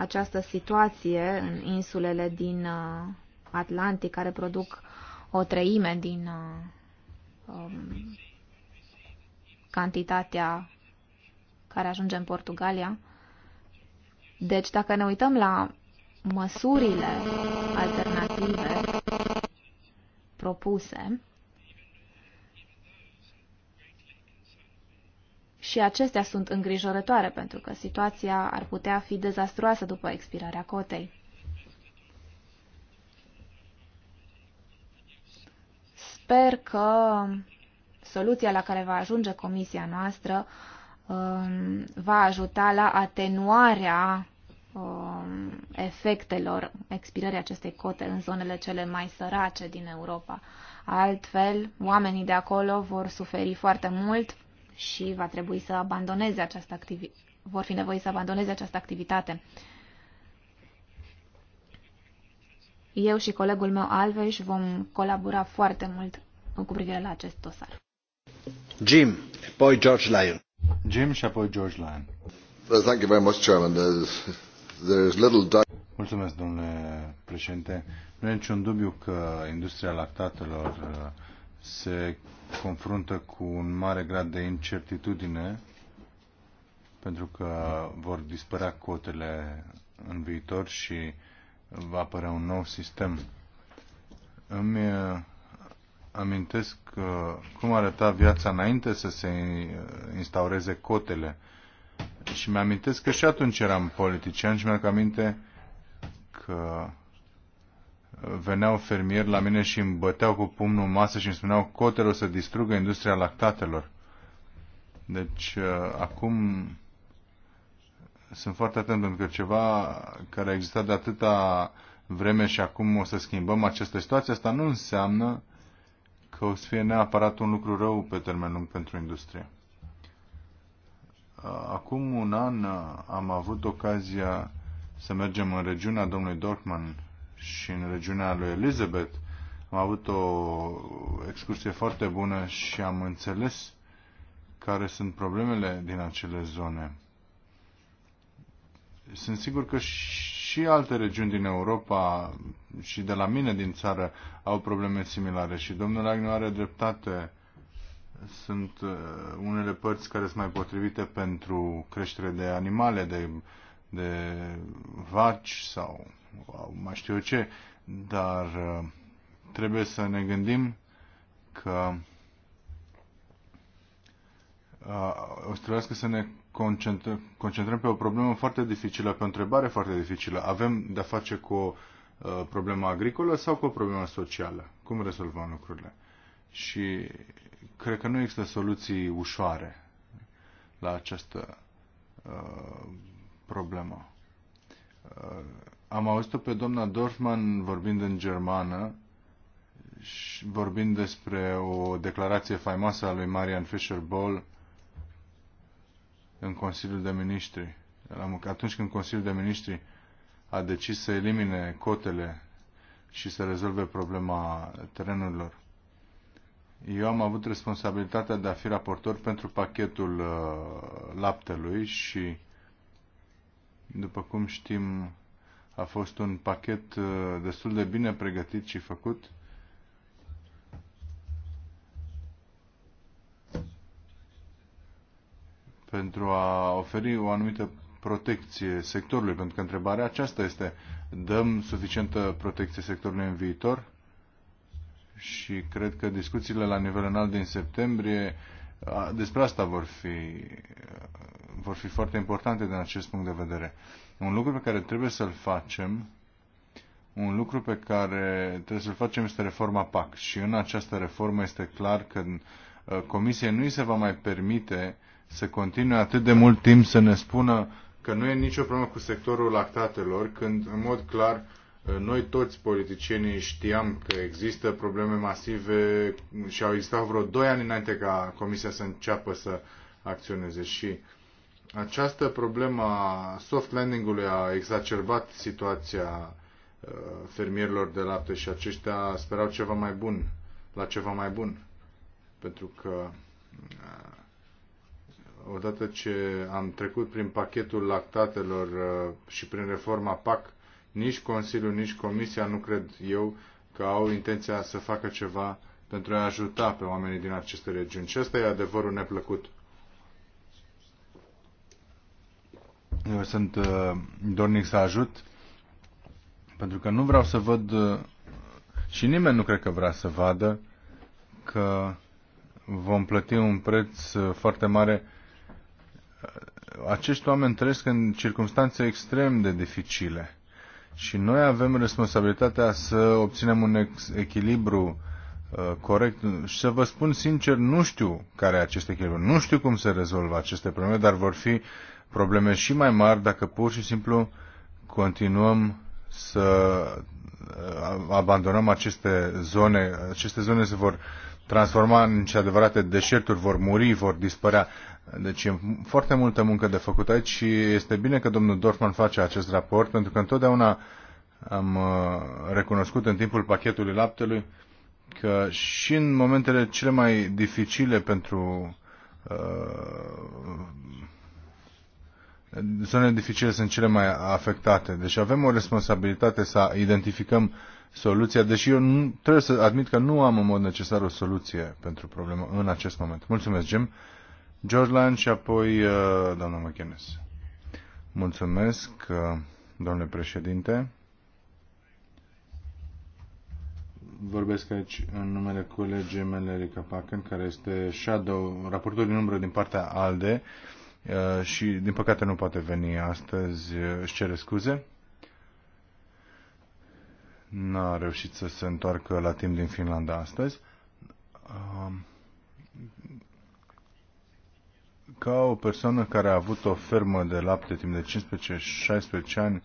această situație în insulele din uh, Atlantic, care produc o treime din uh, um, cantitatea care ajunge în Portugalia. Deci, dacă ne uităm la măsurile alternative propuse, și acestea sunt îngrijorătoare pentru că situația ar putea fi dezastruoasă după expirarea cotei. Sper că soluția la care va ajunge comisia noastră um, va ajuta la atenuarea um, efectelor expirării acestei cote în zonele cele mai sărace din Europa. Altfel, oamenii de acolo vor suferi foarte mult și va trebui să abandoneze această activitate. Vor fi nevoiți să abandoneze această activitate. Eu și colegul meu Alveș vom colabora foarte mult cu privire la acest dosar. Jim, apoi George Lyon. Jim și apoi George Lyon. Well, thank you very much, Chairman. There's, there's little Mulțumesc, domnule președinte. Nu e niciun dubiu că industria lactatelor se confruntă cu un mare grad de incertitudine pentru că vor dispărea cotele în viitor și va apărea un nou sistem. Îmi uh, amintesc uh, cum arăta viața înainte să se uh, instaureze cotele și mi-amintesc că și atunci eram politician și mi-am aminte că veneau fermieri la mine și îmi băteau cu pumnul în masă și îmi spuneau cotele o să distrugă industria lactatelor. Deci uh, acum sunt foarte atent pentru că ceva care a existat de atâta vreme și acum o să schimbăm această situație, asta nu înseamnă că o să fie neapărat un lucru rău pe termen lung pentru industrie. Uh, acum un an uh, am avut ocazia să mergem în regiunea domnului Dorfman și în regiunea lui Elizabeth. Am avut o excursie foarte bună și am înțeles care sunt problemele din acele zone. Sunt sigur că și alte regiuni din Europa și de la mine din țară au probleme similare și domnul Agnew are dreptate. Sunt uh, unele părți care sunt mai potrivite pentru creștere de animale, de, de vaci sau mai știu eu ce, dar uh, trebuie să ne gândim că uh, o să trebuiască să ne concentrăm, concentrăm pe o problemă foarte dificilă, pe o întrebare foarte dificilă. Avem de-a face cu o uh, problemă agricolă sau cu o problemă socială? Cum rezolvăm lucrurile? Și cred că nu există soluții ușoare la această uh, problemă. Uh, am auzit-o pe doamna Dorfman vorbind în germană și vorbind despre o declarație faimoasă a lui Marian Fisher Boll în Consiliul de Ministri. Atunci când Consiliul de Ministri a decis să elimine cotele și să rezolve problema terenurilor. Eu am avut responsabilitatea de a fi raportor pentru pachetul uh, laptelui și, după cum știm, a fost un pachet uh, destul de bine pregătit și făcut. pentru a oferi o anumită protecție sectorului, pentru că întrebarea aceasta este, dăm suficientă protecție sectorului în viitor? Și cred că discuțiile la nivel înalt din septembrie despre asta vor fi, uh, vor fi foarte importante din acest punct de vedere. E un lucru pe care trebuie să-l facem. Un lucru pe care trebuie să-l facem este reforma PAC. Și în această reformă este clar că uh, Comisia nu îi se va mai permite să continue atât de mult timp să ne spună că nu e nicio problemă cu sectorul lactatelor, când în mod clar uh, noi toți politicienii știam că există probleme masive și au existat vreo 2 ani înainte ca Comisia să înceapă să acționeze și această problemă a soft landing-ului a exacerbat situația uh, fermierilor de lapte și aceștia sperau ceva mai bun, la ceva mai bun. Pentru că uh, odată ce am trecut prin pachetul lactatelor uh, și prin reforma PAC, nici Consiliul, nici Comisia nu cred eu că au intenția să facă ceva pentru a ajuta pe oamenii din aceste regiuni. Și ăsta e adevărul neplăcut. Eu sunt uh, dornic să ajut, pentru că nu vreau să văd uh, și nimeni nu cred că vrea să vadă că vom plăti un preț uh, foarte mare. Acești oameni trăiesc în circunstanțe extrem de dificile și noi avem responsabilitatea să obținem un echilibru Uh, corect. Și să vă spun sincer, nu știu care aceste acest nu știu cum se rezolvă aceste probleme, dar vor fi probleme și mai mari dacă pur și simplu continuăm să uh, abandonăm aceste zone. Aceste zone se vor transforma în niște adevărate deșerturi, vor muri, vor dispărea. Deci e foarte multă muncă de făcut aici și este bine că domnul Dorfman face acest raport, pentru că întotdeauna am uh, recunoscut în timpul pachetului laptelui că și în momentele cele mai dificile pentru uh, zonele dificile sunt cele mai afectate. Deci avem o responsabilitate să identificăm soluția, deși eu nu, trebuie să admit că nu am în mod necesar o soluție pentru problemă în acest moment. Mulțumesc, Jim. George Lan și apoi uh, doamna McInnes. Mulțumesc, uh, domnule președinte. vorbesc aici în numele colegii mele, Erika Pacan, care este shadow, raportor din umbră din partea ALDE uh, și, din păcate, nu poate veni astăzi. Uh, își cere scuze. N-a reușit să se întoarcă la timp din Finlanda astăzi. Um, ca o persoană care a avut o fermă de lapte timp de 15-16 ani,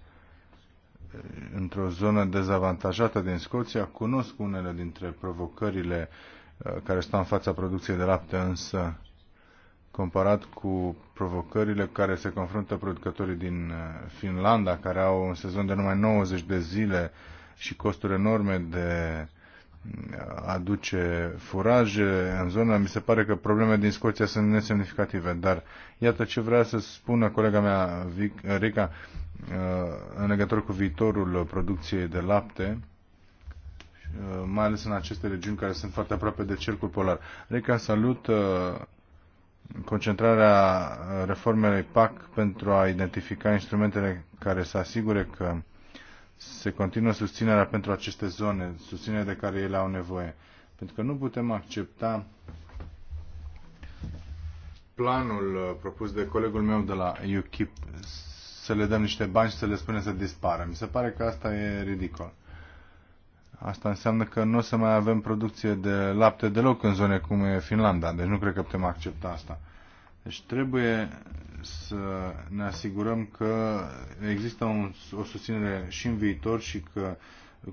într-o zonă dezavantajată din Scoția, cunosc unele dintre provocările uh, care stau în fața producției de lapte, însă comparat cu provocările care se confruntă producătorii din uh, Finlanda, care au un sezon de numai 90 de zile și costuri enorme de aduce furaje în zonă. Mi se pare că problemele din Scoția sunt nesemnificative, dar iată ce vrea să spună colega mea Vic, Rica uh, în legătură cu viitorul producției de lapte uh, mai ales în aceste regiuni care sunt foarte aproape de cercul polar. Rica salut uh, concentrarea reformelei PAC pentru a identifica instrumentele care să asigure că se continuă susținerea pentru aceste zone, susținerea de care ele au nevoie. Pentru că nu putem accepta planul uh, propus de colegul meu de la UKIP să le dăm niște bani și să le spunem să dispară. Mi se pare că asta e ridicol. Asta înseamnă că nu o să mai avem producție de lapte deloc în zone cum e Finlanda, deci nu cred că putem accepta asta. Deci trebuie să ne asigurăm că există un, o susținere și în viitor și că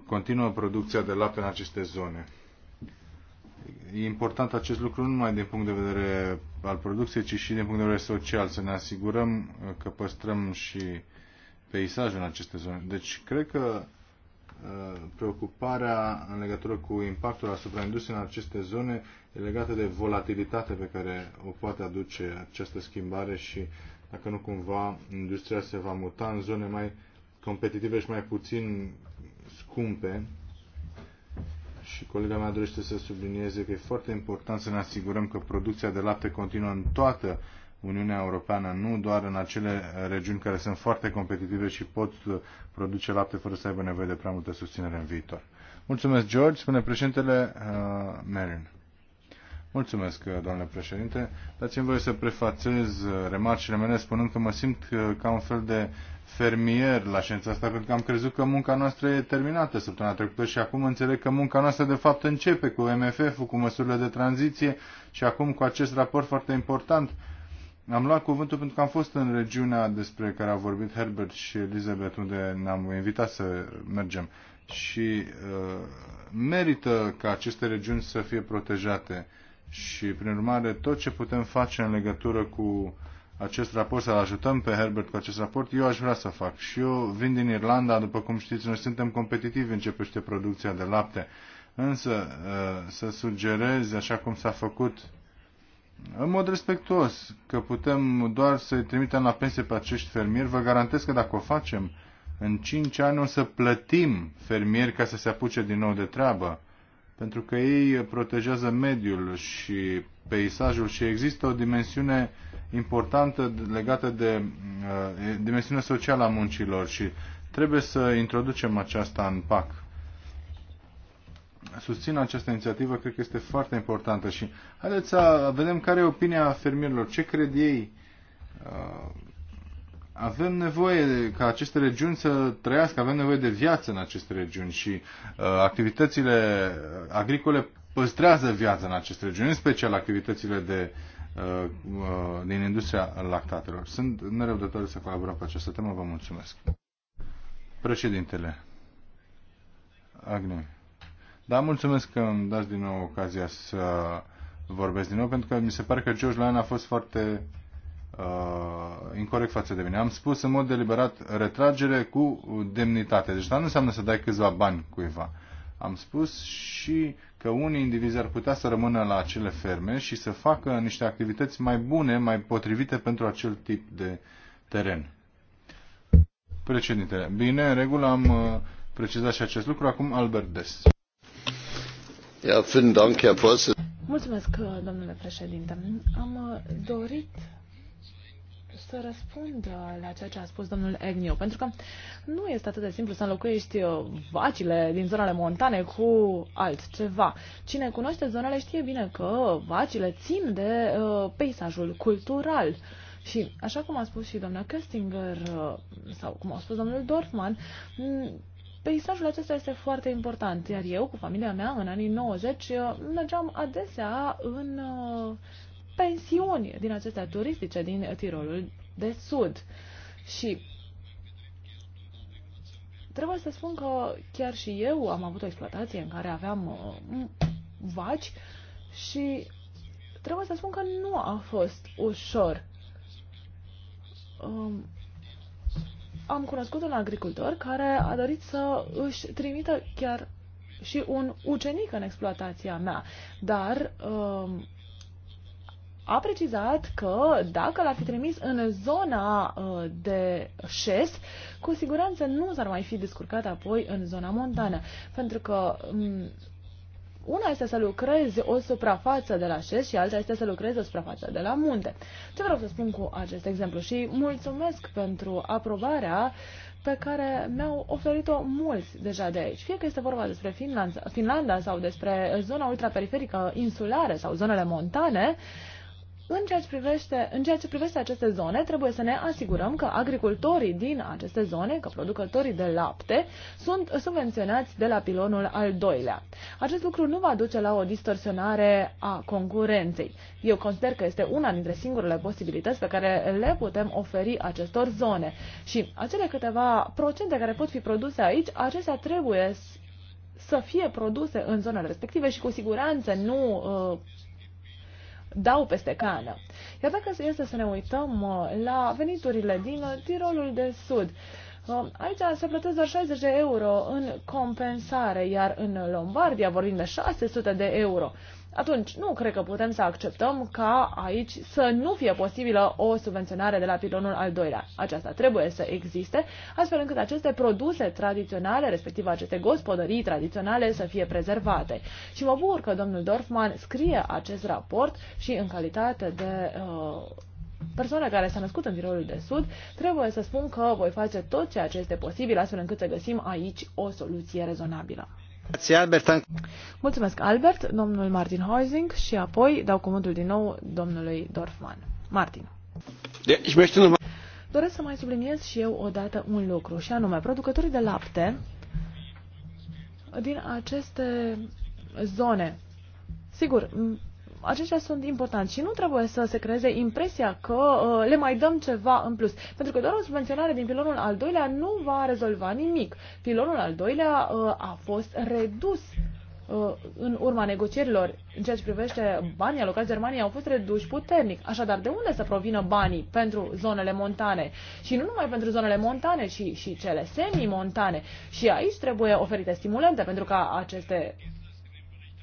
continuă producția de lapte în aceste zone. E important acest lucru nu numai din punct de vedere al producției, ci și din punct de vedere social, să ne asigurăm că păstrăm și peisajul în aceste zone. Deci cred că Uh, preocuparea în legătură cu impactul asupra industriei în aceste zone e legată de volatilitate pe care o poate aduce această schimbare și dacă nu cumva industria se va muta în zone mai competitive și mai puțin scumpe. Și colega mea dorește să sublinieze că e foarte important să ne asigurăm că producția de lapte continuă în toată Uniunea Europeană, nu doar în acele regiuni care sunt foarte competitive și pot produce lapte fără să aibă nevoie de prea multă susținere în viitor. Mulțumesc, George. Spune președintele uh, Marin. Mulțumesc, uh, domnule președinte. Dați-mi voie să prefațez uh, remarcile mele spunând că mă simt uh, ca un fel de fermier la știința asta, pentru că am crezut că munca noastră e terminată săptămâna trecută și acum înțeleg că munca noastră de fapt începe cu MFF-ul, cu măsurile de tranziție și acum cu acest raport foarte important am luat cuvântul pentru că am fost în regiunea despre care a vorbit Herbert și Elizabeth, unde ne-am invitat să mergem. Și uh, merită ca aceste regiuni să fie protejate. Și, prin urmare, tot ce putem face în legătură cu acest raport, să-l ajutăm pe Herbert cu acest raport, eu aș vrea să fac. Și eu vin din Irlanda, după cum știți, noi suntem competitivi în ce privește producția de lapte. Însă, uh, să sugerez, așa cum s-a făcut în mod respectuos, că putem doar să-i trimitem la pensie pe acești fermieri, vă garantez că dacă o facem, în 5 ani o să plătim fermieri ca să se apuce din nou de treabă, pentru că ei protejează mediul și peisajul și există o dimensiune importantă legată de uh, dimensiunea socială a muncilor și trebuie să introducem aceasta în PAC susțin această inițiativă, cred că este foarte importantă și haideți să vedem care e opinia fermierilor, ce cred ei. Uh, avem nevoie ca aceste regiuni să trăiască, avem nevoie de viață în aceste regiuni și uh, activitățile agricole păstrează viața în aceste regiuni, în special activitățile de uh, din industria lactatelor. Sunt nerăbdători să colaborăm pe această temă. Vă mulțumesc. Președintele. Agnei. Da, mulțumesc că îmi dați din nou ocazia să vorbesc din nou, pentru că mi se pare că George Lyon a fost foarte uh, incorrect față de mine. Am spus în mod deliberat retragere cu demnitate. Deci asta nu înseamnă să dai câțiva bani cuiva. Am spus și că unii indivizi ar putea să rămână la acele ferme și să facă niște activități mai bune, mai potrivite pentru acel tip de teren. Președintele, bine, în regulă am uh, precizat și acest lucru. Acum Albert Des. Mulțumesc, domnule președinte. Am uh, dorit să răspund uh, la ceea ce a spus domnul Egnio, pentru că nu este atât de simplu să înlocuiești uh, vacile din zonele montane cu altceva. Cine cunoaște zonele știe bine că vacile țin de uh, peisajul cultural. Și așa cum a spus și doamna Köstinger, sau cum a spus domnul Dorfman, Peisajul acesta este foarte important, iar eu cu familia mea în anii 90 mergeam adesea în uh, pensiuni din acestea turistice din Tirolul de Sud. Și trebuie să spun că chiar și eu am avut o exploatație în care aveam uh, vaci și trebuie să spun că nu a fost ușor. Um, am cunoscut un agricultor care a dorit să își trimită chiar și un ucenic în exploatația mea, dar uh, a precizat că dacă l-ar fi trimis în zona uh, de șes, cu siguranță nu s-ar mai fi descurcat apoi în zona montană, pentru că um, una este să lucrezi o suprafață de la șes și alta este să lucrezi o suprafață de la munte. Ce vreau să spun cu acest exemplu și mulțumesc pentru aprobarea pe care mi-au oferit-o mulți deja de aici. Fie că este vorba despre Finlanda, sau despre zona ultraperiferică insulară sau zonele montane, uh, în ceea, ce privește, în ceea ce privește aceste zone, trebuie să ne asigurăm că agricultorii din aceste zone, că producătorii de lapte, sunt subvenționați de la pilonul al doilea. Acest lucru nu va duce la o distorsionare a concurenței. Eu consider că este una dintre singurele posibilități pe care le putem oferi acestor zone. Și acele câteva procente care pot fi produse aici, acestea trebuie să fie produse în zonele respective și cu siguranță nu uh, dau peste cană. Iar dacă este să ne uităm uh, la veniturile din uh, Tirolul de Sud, uh, Aici se plătesc doar 60 de euro în compensare, iar în Lombardia vorbim de 600 de euro atunci nu cred că putem să acceptăm ca aici să nu fie posibilă o subvenționare de la pilonul al doilea. Aceasta trebuie să existe, astfel încât aceste produse tradiționale, respectiv aceste gospodării tradiționale, să fie prezervate. Și mă bucur că domnul Dorfman scrie acest raport și în calitate de uh, persoană care s-a născut în Tirolul de Sud, trebuie să spun că voi face tot ceea ce este posibil astfel încât să găsim aici o soluție rezonabilă. Mulțumesc, Albert, domnul Martin Heusing și apoi dau cuvântul din nou domnului Dorfman. Martin. Doresc să mai subliniez și eu odată un lucru, și anume, producătorii de lapte din aceste zone. Sigur, aceștia sunt importanți și nu trebuie să se creeze impresia că uh, le mai dăm ceva în plus. Pentru că doar o subvenționare din pilonul al doilea nu va rezolva nimic. Pilonul al doilea uh, a fost redus uh, în urma negocierilor, în ceea ce privește banii alocați Germaniei, au fost reduși puternic. Așadar, de unde să provină banii pentru zonele montane? Și nu numai pentru zonele montane, ci și cele semi-montane. Și aici trebuie oferite stimulente pentru ca aceste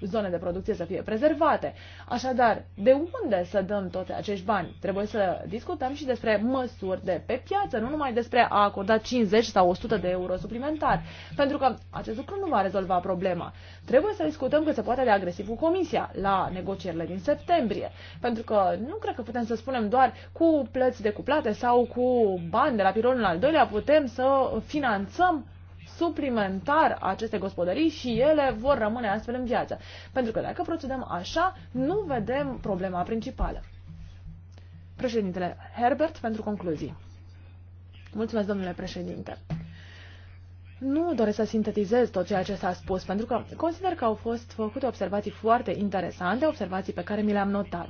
zone de producție să fie prezervate. Așadar, de unde să dăm toți acești bani? Trebuie să discutăm și despre măsuri de pe piață, nu numai despre a acorda 50 sau 100 de euro suplimentar, pentru că acest lucru nu va rezolva problema. Trebuie să discutăm cât se poate de agresiv cu Comisia la negocierile din septembrie, pentru că nu cred că putem să spunem doar cu plăți decuplate sau cu bani de la pironul al doilea putem să finanțăm suplimentar aceste gospodării și ele vor rămâne astfel în viață. Pentru că dacă procedăm așa, nu vedem problema principală. Președintele Herbert, pentru concluzii. Mulțumesc, domnule președinte. Nu doresc să sintetizez tot ceea ce s-a spus, pentru că consider că au fost făcute observații foarte interesante, observații pe care mi le-am notat.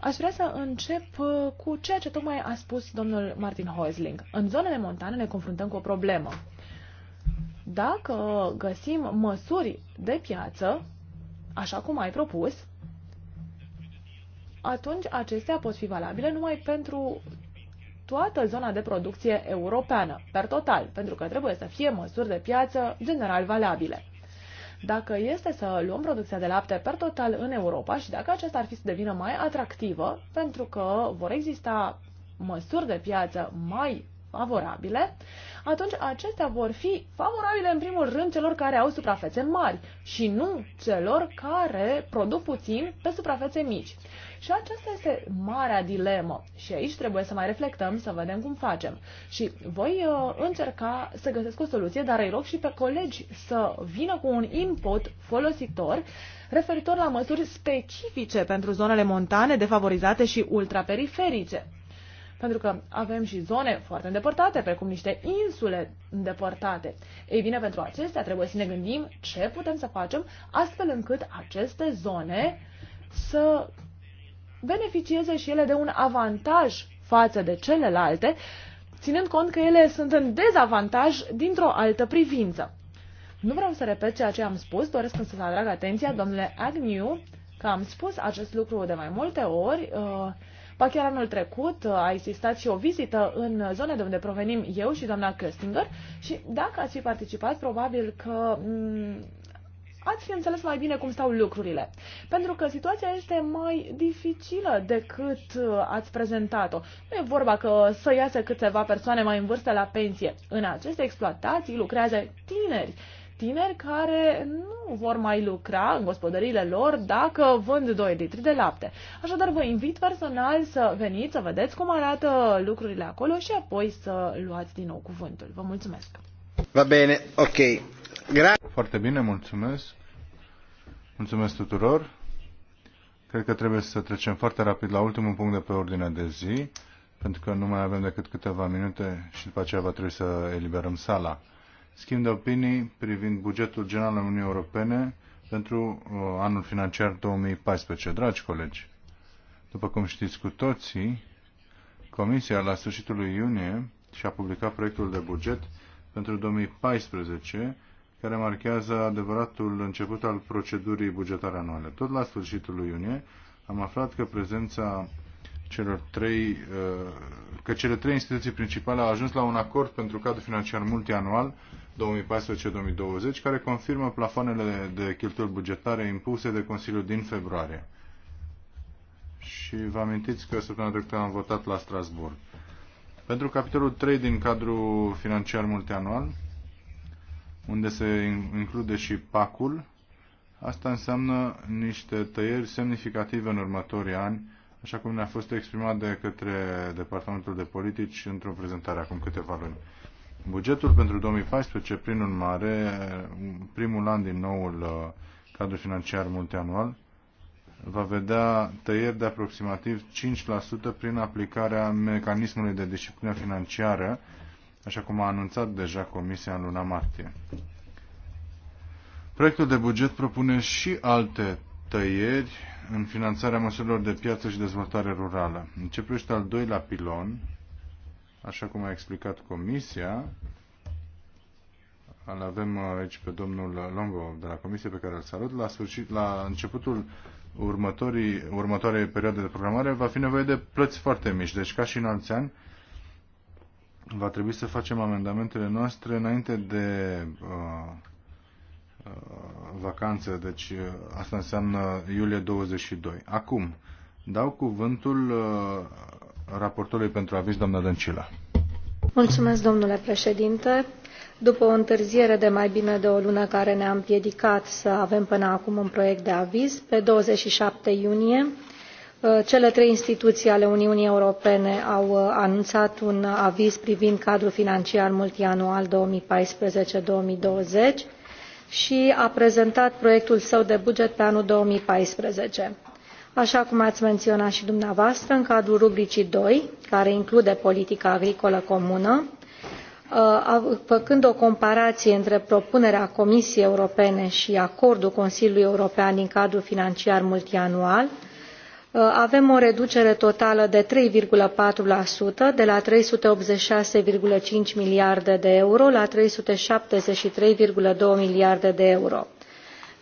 Aș vrea să încep cu ceea ce tocmai a spus domnul Martin Hoisling. În zonele montane ne confruntăm cu o problemă dacă găsim măsuri de piață, așa cum ai propus, atunci acestea pot fi valabile numai pentru toată zona de producție europeană, per total, pentru că trebuie să fie măsuri de piață general valabile. Dacă este să luăm producția de lapte per total în Europa și dacă aceasta ar fi să devină mai atractivă, pentru că vor exista măsuri de piață mai favorabile, atunci acestea vor fi favorabile în primul rând celor care au suprafețe mari și nu celor care produc puțin pe suprafețe mici. Și aceasta este marea dilemă și aici trebuie să mai reflectăm, să vedem cum facem. Și voi uh, încerca să găsesc o soluție, dar îi rog și pe colegi să vină cu un input folositor referitor la măsuri specifice pentru zonele montane defavorizate și ultraperiferice. Pentru că avem și zone foarte îndepărtate, precum niște insule îndepărtate. Ei bine, pentru acestea trebuie să ne gândim ce putem să facem astfel încât aceste zone să beneficieze și ele de un avantaj față de celelalte, ținând cont că ele sunt în dezavantaj dintr-o altă privință. Nu vreau să repet ceea ce am spus, doresc să atrag atenția, domnule Agnew, că am spus acest lucru de mai multe ori. Uh, Ba chiar anul trecut uh, a existat și o vizită în zone de unde provenim eu și doamna Köstinger și dacă ați fi participat, probabil că mm, ați fi înțeles mai bine cum stau lucrurile. Pentru că situația este mai dificilă decât uh, ați prezentat-o. Nu e vorba că să iasă câteva persoane mai în vârstă la pensie. În aceste exploatații lucrează tineri tineri care nu vor mai lucra în gospodăriile lor dacă vând 2 litri de lapte. Așadar, vă invit personal să veniți, să vedeți cum arată lucrurile acolo și apoi să luați din nou cuvântul. Vă mulțumesc! Va bene, ok. Gra- Foarte bine, mulțumesc. Mulțumesc tuturor. Cred că trebuie să trecem foarte rapid la ultimul punct de pe ordinea de zi, pentru că nu mai avem decât câteva minute și după aceea va trebui să eliberăm sala schimb de opinii privind bugetul general al Uniunii Europene pentru uh, anul financiar 2014. Dragi colegi, după cum știți cu toții, Comisia la sfârșitul lui iunie și-a publicat proiectul de buget pentru 2014, care marchează adevăratul început al procedurii bugetare anuale. Tot la sfârșitul lui iunie am aflat că prezența celor trei, uh, că cele trei instituții principale au ajuns la un acord pentru cadrul financiar multianual 2014-2020, care confirmă plafoanele de cheltuieli bugetare impuse de Consiliul din februarie. Și vă amintiți că săptămâna trecută am votat la Strasbourg. Pentru capitolul 3 din cadrul financiar multianual, unde se include și pacul, asta înseamnă niște tăieri semnificative în următorii ani, așa cum ne-a fost exprimat de către Departamentul de Politici într-o prezentare acum câteva luni. Bugetul pentru 2014, prin mare primul an din noul uh, cadru financiar multianual, va vedea tăieri de aproximativ 5% prin aplicarea mecanismului de disciplină financiară, așa cum a anunțat deja Comisia în luna martie. Proiectul de buget propune și alte tăieri în finanțarea măsurilor de piață și dezvoltare rurală. Începește al doilea pilon, Așa cum a explicat Comisia, îl avem aici pe domnul Longo de la Comisie pe care îl salut. La, sfârșit, la începutul următorii, următoarei perioade de programare va fi nevoie de plăți foarte mici. Deci, ca și în alți ani, va trebui să facem amendamentele noastre înainte de uh, uh, vacanță. Deci, uh, asta înseamnă iulie 22. Acum, dau cuvântul uh, raportorului pentru aviz, doamna Dăncilă. Mulțumesc, domnule președinte. După o întârziere de mai bine de o lună care ne-a împiedicat să avem până acum un proiect de aviz, pe 27 iunie, uh, cele trei instituții ale Uniunii Europene au uh, anunțat un aviz privind cadrul financiar multianual 2014-2020 și a prezentat proiectul său de buget pe anul 2014 așa cum ați menționat și dumneavoastră în cadrul rubricii doi care include politica agricolă comună uh, făcând o comparație între propunerea comisiei europene și acordul consiliului european din cadrul financiar multianual uh, avem o reducere totală de trei patru de la trei sute optzeci și șase cinci miliarde de euro la trei sute șaptezeci și trei doi miliarde de euro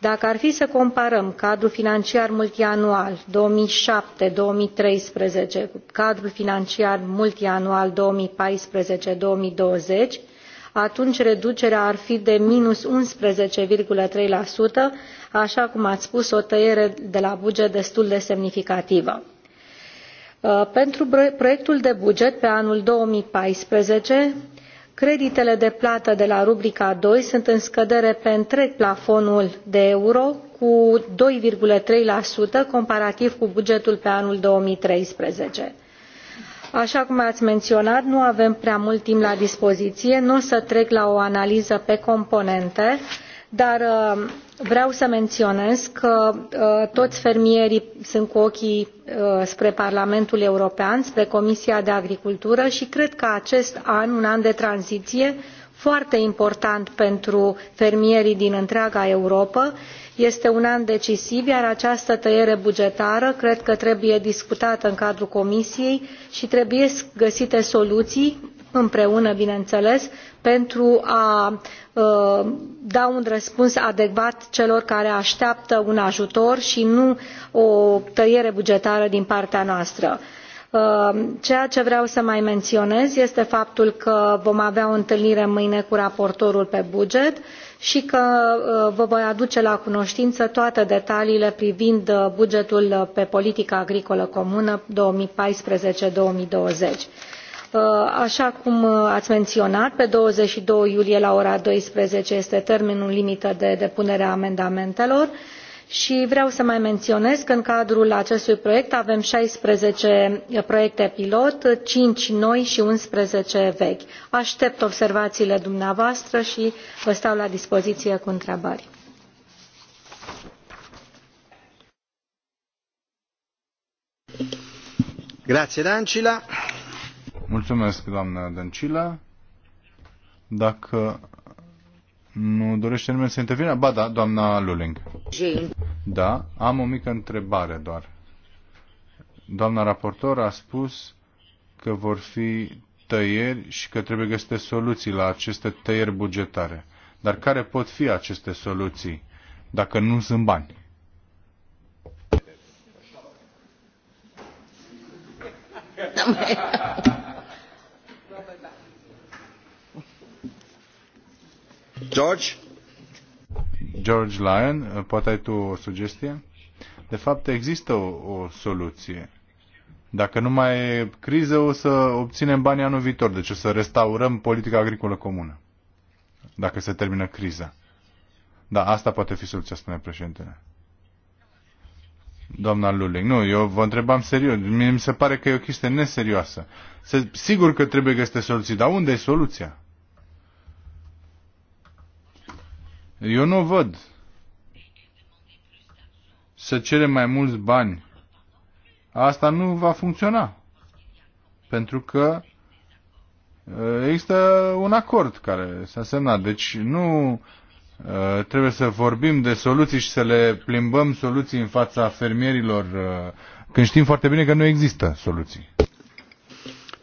dacă ar fi să comparăm cadrul financiar multianual două mii șapte două mii treisprezece cu cadrul financiar multianual două mii paisprezece două mii douăzeci atunci reducerea ar fi de minus unsprezece trei așa cum ați spus o tăiere de la buget destul de semnificativă. Uh, pentru proiectul de buget pe anul două mii paisprezece creditele de plată de la rubrica doi sunt în scădere pe întreg plafonul de euro cu doi trei comparativ cu bugetul pe anul. două mii treisprezece așa cum ați menționat nu avem prea mult timp la dispoziție nu o să trec la o analiză pe componente dar vreau să menționez că uh, toți fermierii sunt cu ochii uh, spre parlamentul european spre comisia de agricultură și cred că acest an un an de tranziție foarte important pentru fermierii din întreaga europă este un an decisiv iar această tăiere bugetară cred că trebuie discutată în cadrul comisiei și trebuie găsite soluții împreună bineînțeles pentru a ă, da un răspuns adecvat celor care așteaptă un ajutor și nu o tăiere bugetară din partea noastră. Ă, ceea ce vreau să mai menționez este faptul că vom avea o întâlnire mâine cu raportorul pe buget și că ă, vă voi aduce la cunoștință toate detaliile privind bugetul pe politica agricolă comună două mii paisprezece două mii douăzeci Uh, așa cum uh, ați menționat pe 22 iulie la ora 12 este termenul limită de depunere a amendamentelor și vreau să mai menționez că în cadrul acestui proiect avem 16 uh, proiecte pilot, 5 noi și 11 vechi. Aștept observațiile dumneavoastră și vă stau la dispoziție cu întrebări. Mulțumesc, doamnă Dăncilă. Dacă nu dorește nimeni să intervină? Ba da, doamna Luling. Da, am o mică întrebare doar. Doamna raportor a spus că vor fi tăieri și că trebuie găsite soluții la aceste tăieri bugetare. Dar care pot fi aceste soluții dacă nu sunt bani? George? George Lyon, poate ai tu o sugestie? De fapt, există o, o soluție. Dacă nu mai e criză, o să obținem banii anul viitor. Deci o să restaurăm politica agricolă comună. Dacă se termină criza. Da, asta poate fi soluția, spune președintele. Doamna Luling, nu, eu vă întrebam serios. mi se pare că e o chestie neserioasă. Se, sigur că trebuie găsite soluții, dar unde e soluția? Eu nu văd să cerem mai mulți bani. Asta nu va funcționa. Pentru că uh, există un acord care s-a semnat. Deci nu uh, trebuie să vorbim de soluții și să le plimbăm soluții în fața fermierilor uh, când știm foarte bine că nu există soluții.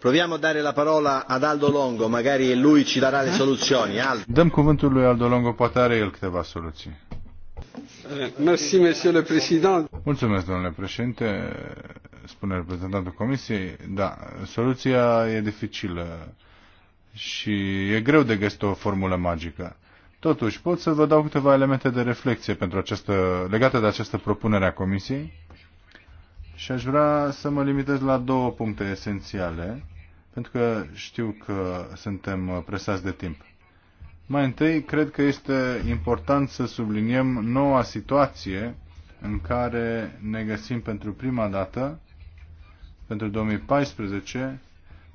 Proviamo a dare la parola ad Aldo Longo, magari lui ci darà le soluzioni. Aldo. Dăm cuvântul lui Aldo Longo, poate are el câteva soluții. Eh, merci, monsieur le président. Mulțumesc, domnule președinte, spune reprezentantul Comisiei. Da, soluția e dificilă și e greu de găsit o formulă magică. Totuși, pot să vă dau câteva elemente de reflexie pentru această, legate de această propunere a Comisiei și aș vrea să mă limitez la două puncte esențiale pentru că știu că suntem uh, presați de timp. Mai întâi, cred că este important să subliniem noua situație în care ne găsim pentru prima dată, pentru 2014,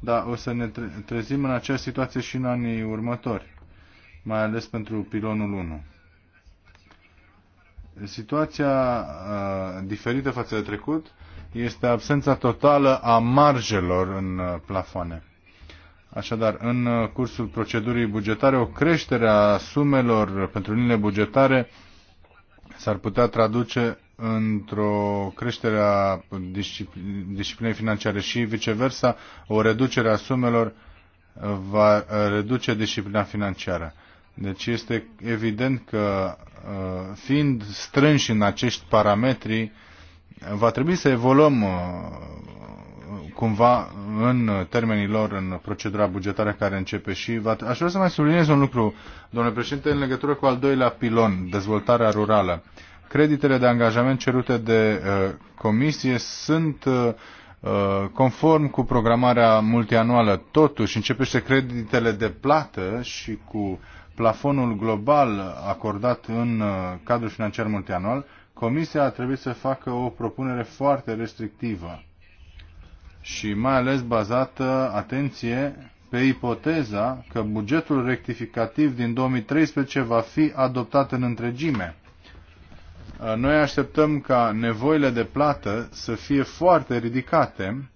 dar o să ne trezim în această situație și în anii următori, mai ales pentru pilonul 1. Situația uh, diferită față de trecut este absența totală a marjelor în uh, plafoane. Așadar, în uh, cursul procedurii bugetare, o creștere a sumelor pentru linile bugetare s-ar putea traduce într-o creștere a disciplinei financiare și viceversa, o reducere a sumelor uh, va reduce disciplina financiară. Deci este evident că fiind strânși în acești parametri, va trebui să evoluăm uh, cumva în termenii lor în procedura bugetară care începe și va, aș vrea să mai subliniez un lucru, domnule președinte, în legătură cu al doilea pilon, dezvoltarea rurală. Creditele de angajament cerute de uh, comisie sunt uh, conform cu programarea multianuală. Totuși, începește creditele de plată și cu plafonul global acordat în uh, cadrul financiar multianual, uh, Comisia a trebuit să facă o propunere foarte restrictivă și mai ales bazată, atenție, pe ipoteza că bugetul rectificativ din 2013 va fi adoptat în întregime. Noi așteptăm ca nevoile de plată să fie foarte ridicate,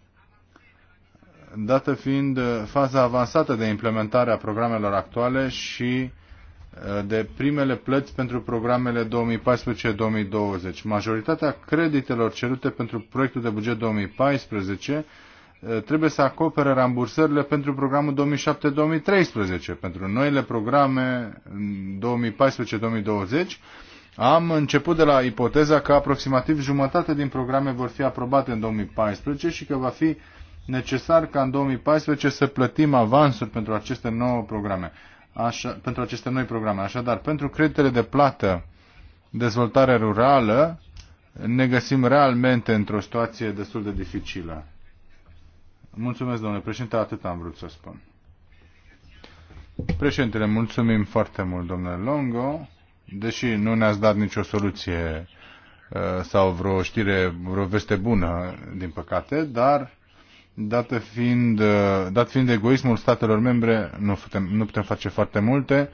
dată fiind faza avansată de implementare a programelor actuale și de primele plăți pentru programele 2014-2020. Majoritatea creditelor cerute pentru proiectul de buget 2014 eh, trebuie să acopere rambursările pentru programul 2007-2013. Pentru noile programe 2014-2020 am început de la ipoteza că aproximativ jumătate din programe vor fi aprobate în 2014 și că va fi necesar ca în 2014 să plătim avansuri pentru aceste nouă programe așa, pentru aceste noi programe. Așadar, pentru creditele de plată, dezvoltare rurală, ne găsim realmente într-o situație destul de dificilă. Mulțumesc, domnule președinte, atât am vrut să spun. Președintele, mulțumim foarte mult, domnule Longo, deși nu ne-ați dat nicio soluție uh, sau vreo știre, vreo veste bună, din păcate, dar dată fiind, uh, dat fiind egoismul statelor membre, nu putem, nu putem face foarte multe.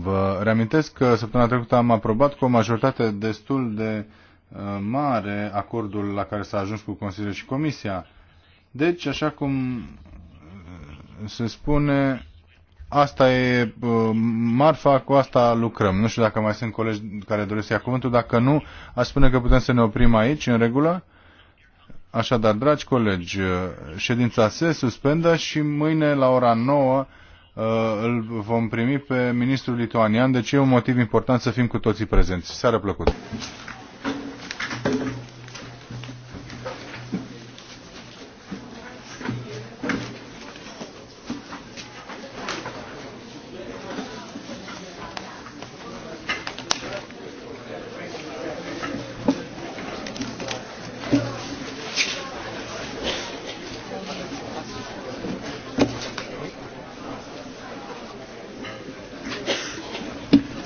Vă reamintesc că săptămâna trecută am aprobat cu o majoritate destul de uh, mare acordul la care s-a ajuns cu Consiliul și Comisia. Deci, așa cum uh, se spune, asta e marfa, cu asta lucrăm. Nu știu dacă mai sunt colegi care doresc să ia cuvântul, dacă nu, aș spune că putem să ne oprim aici, în regulă. Așadar, dragi colegi, uh, ședința se suspendă și mâine la ora 9 uh, îl vom primi pe ministrul lituanian, deci e un motiv important să fim cu toții prezenți. Seară plăcută!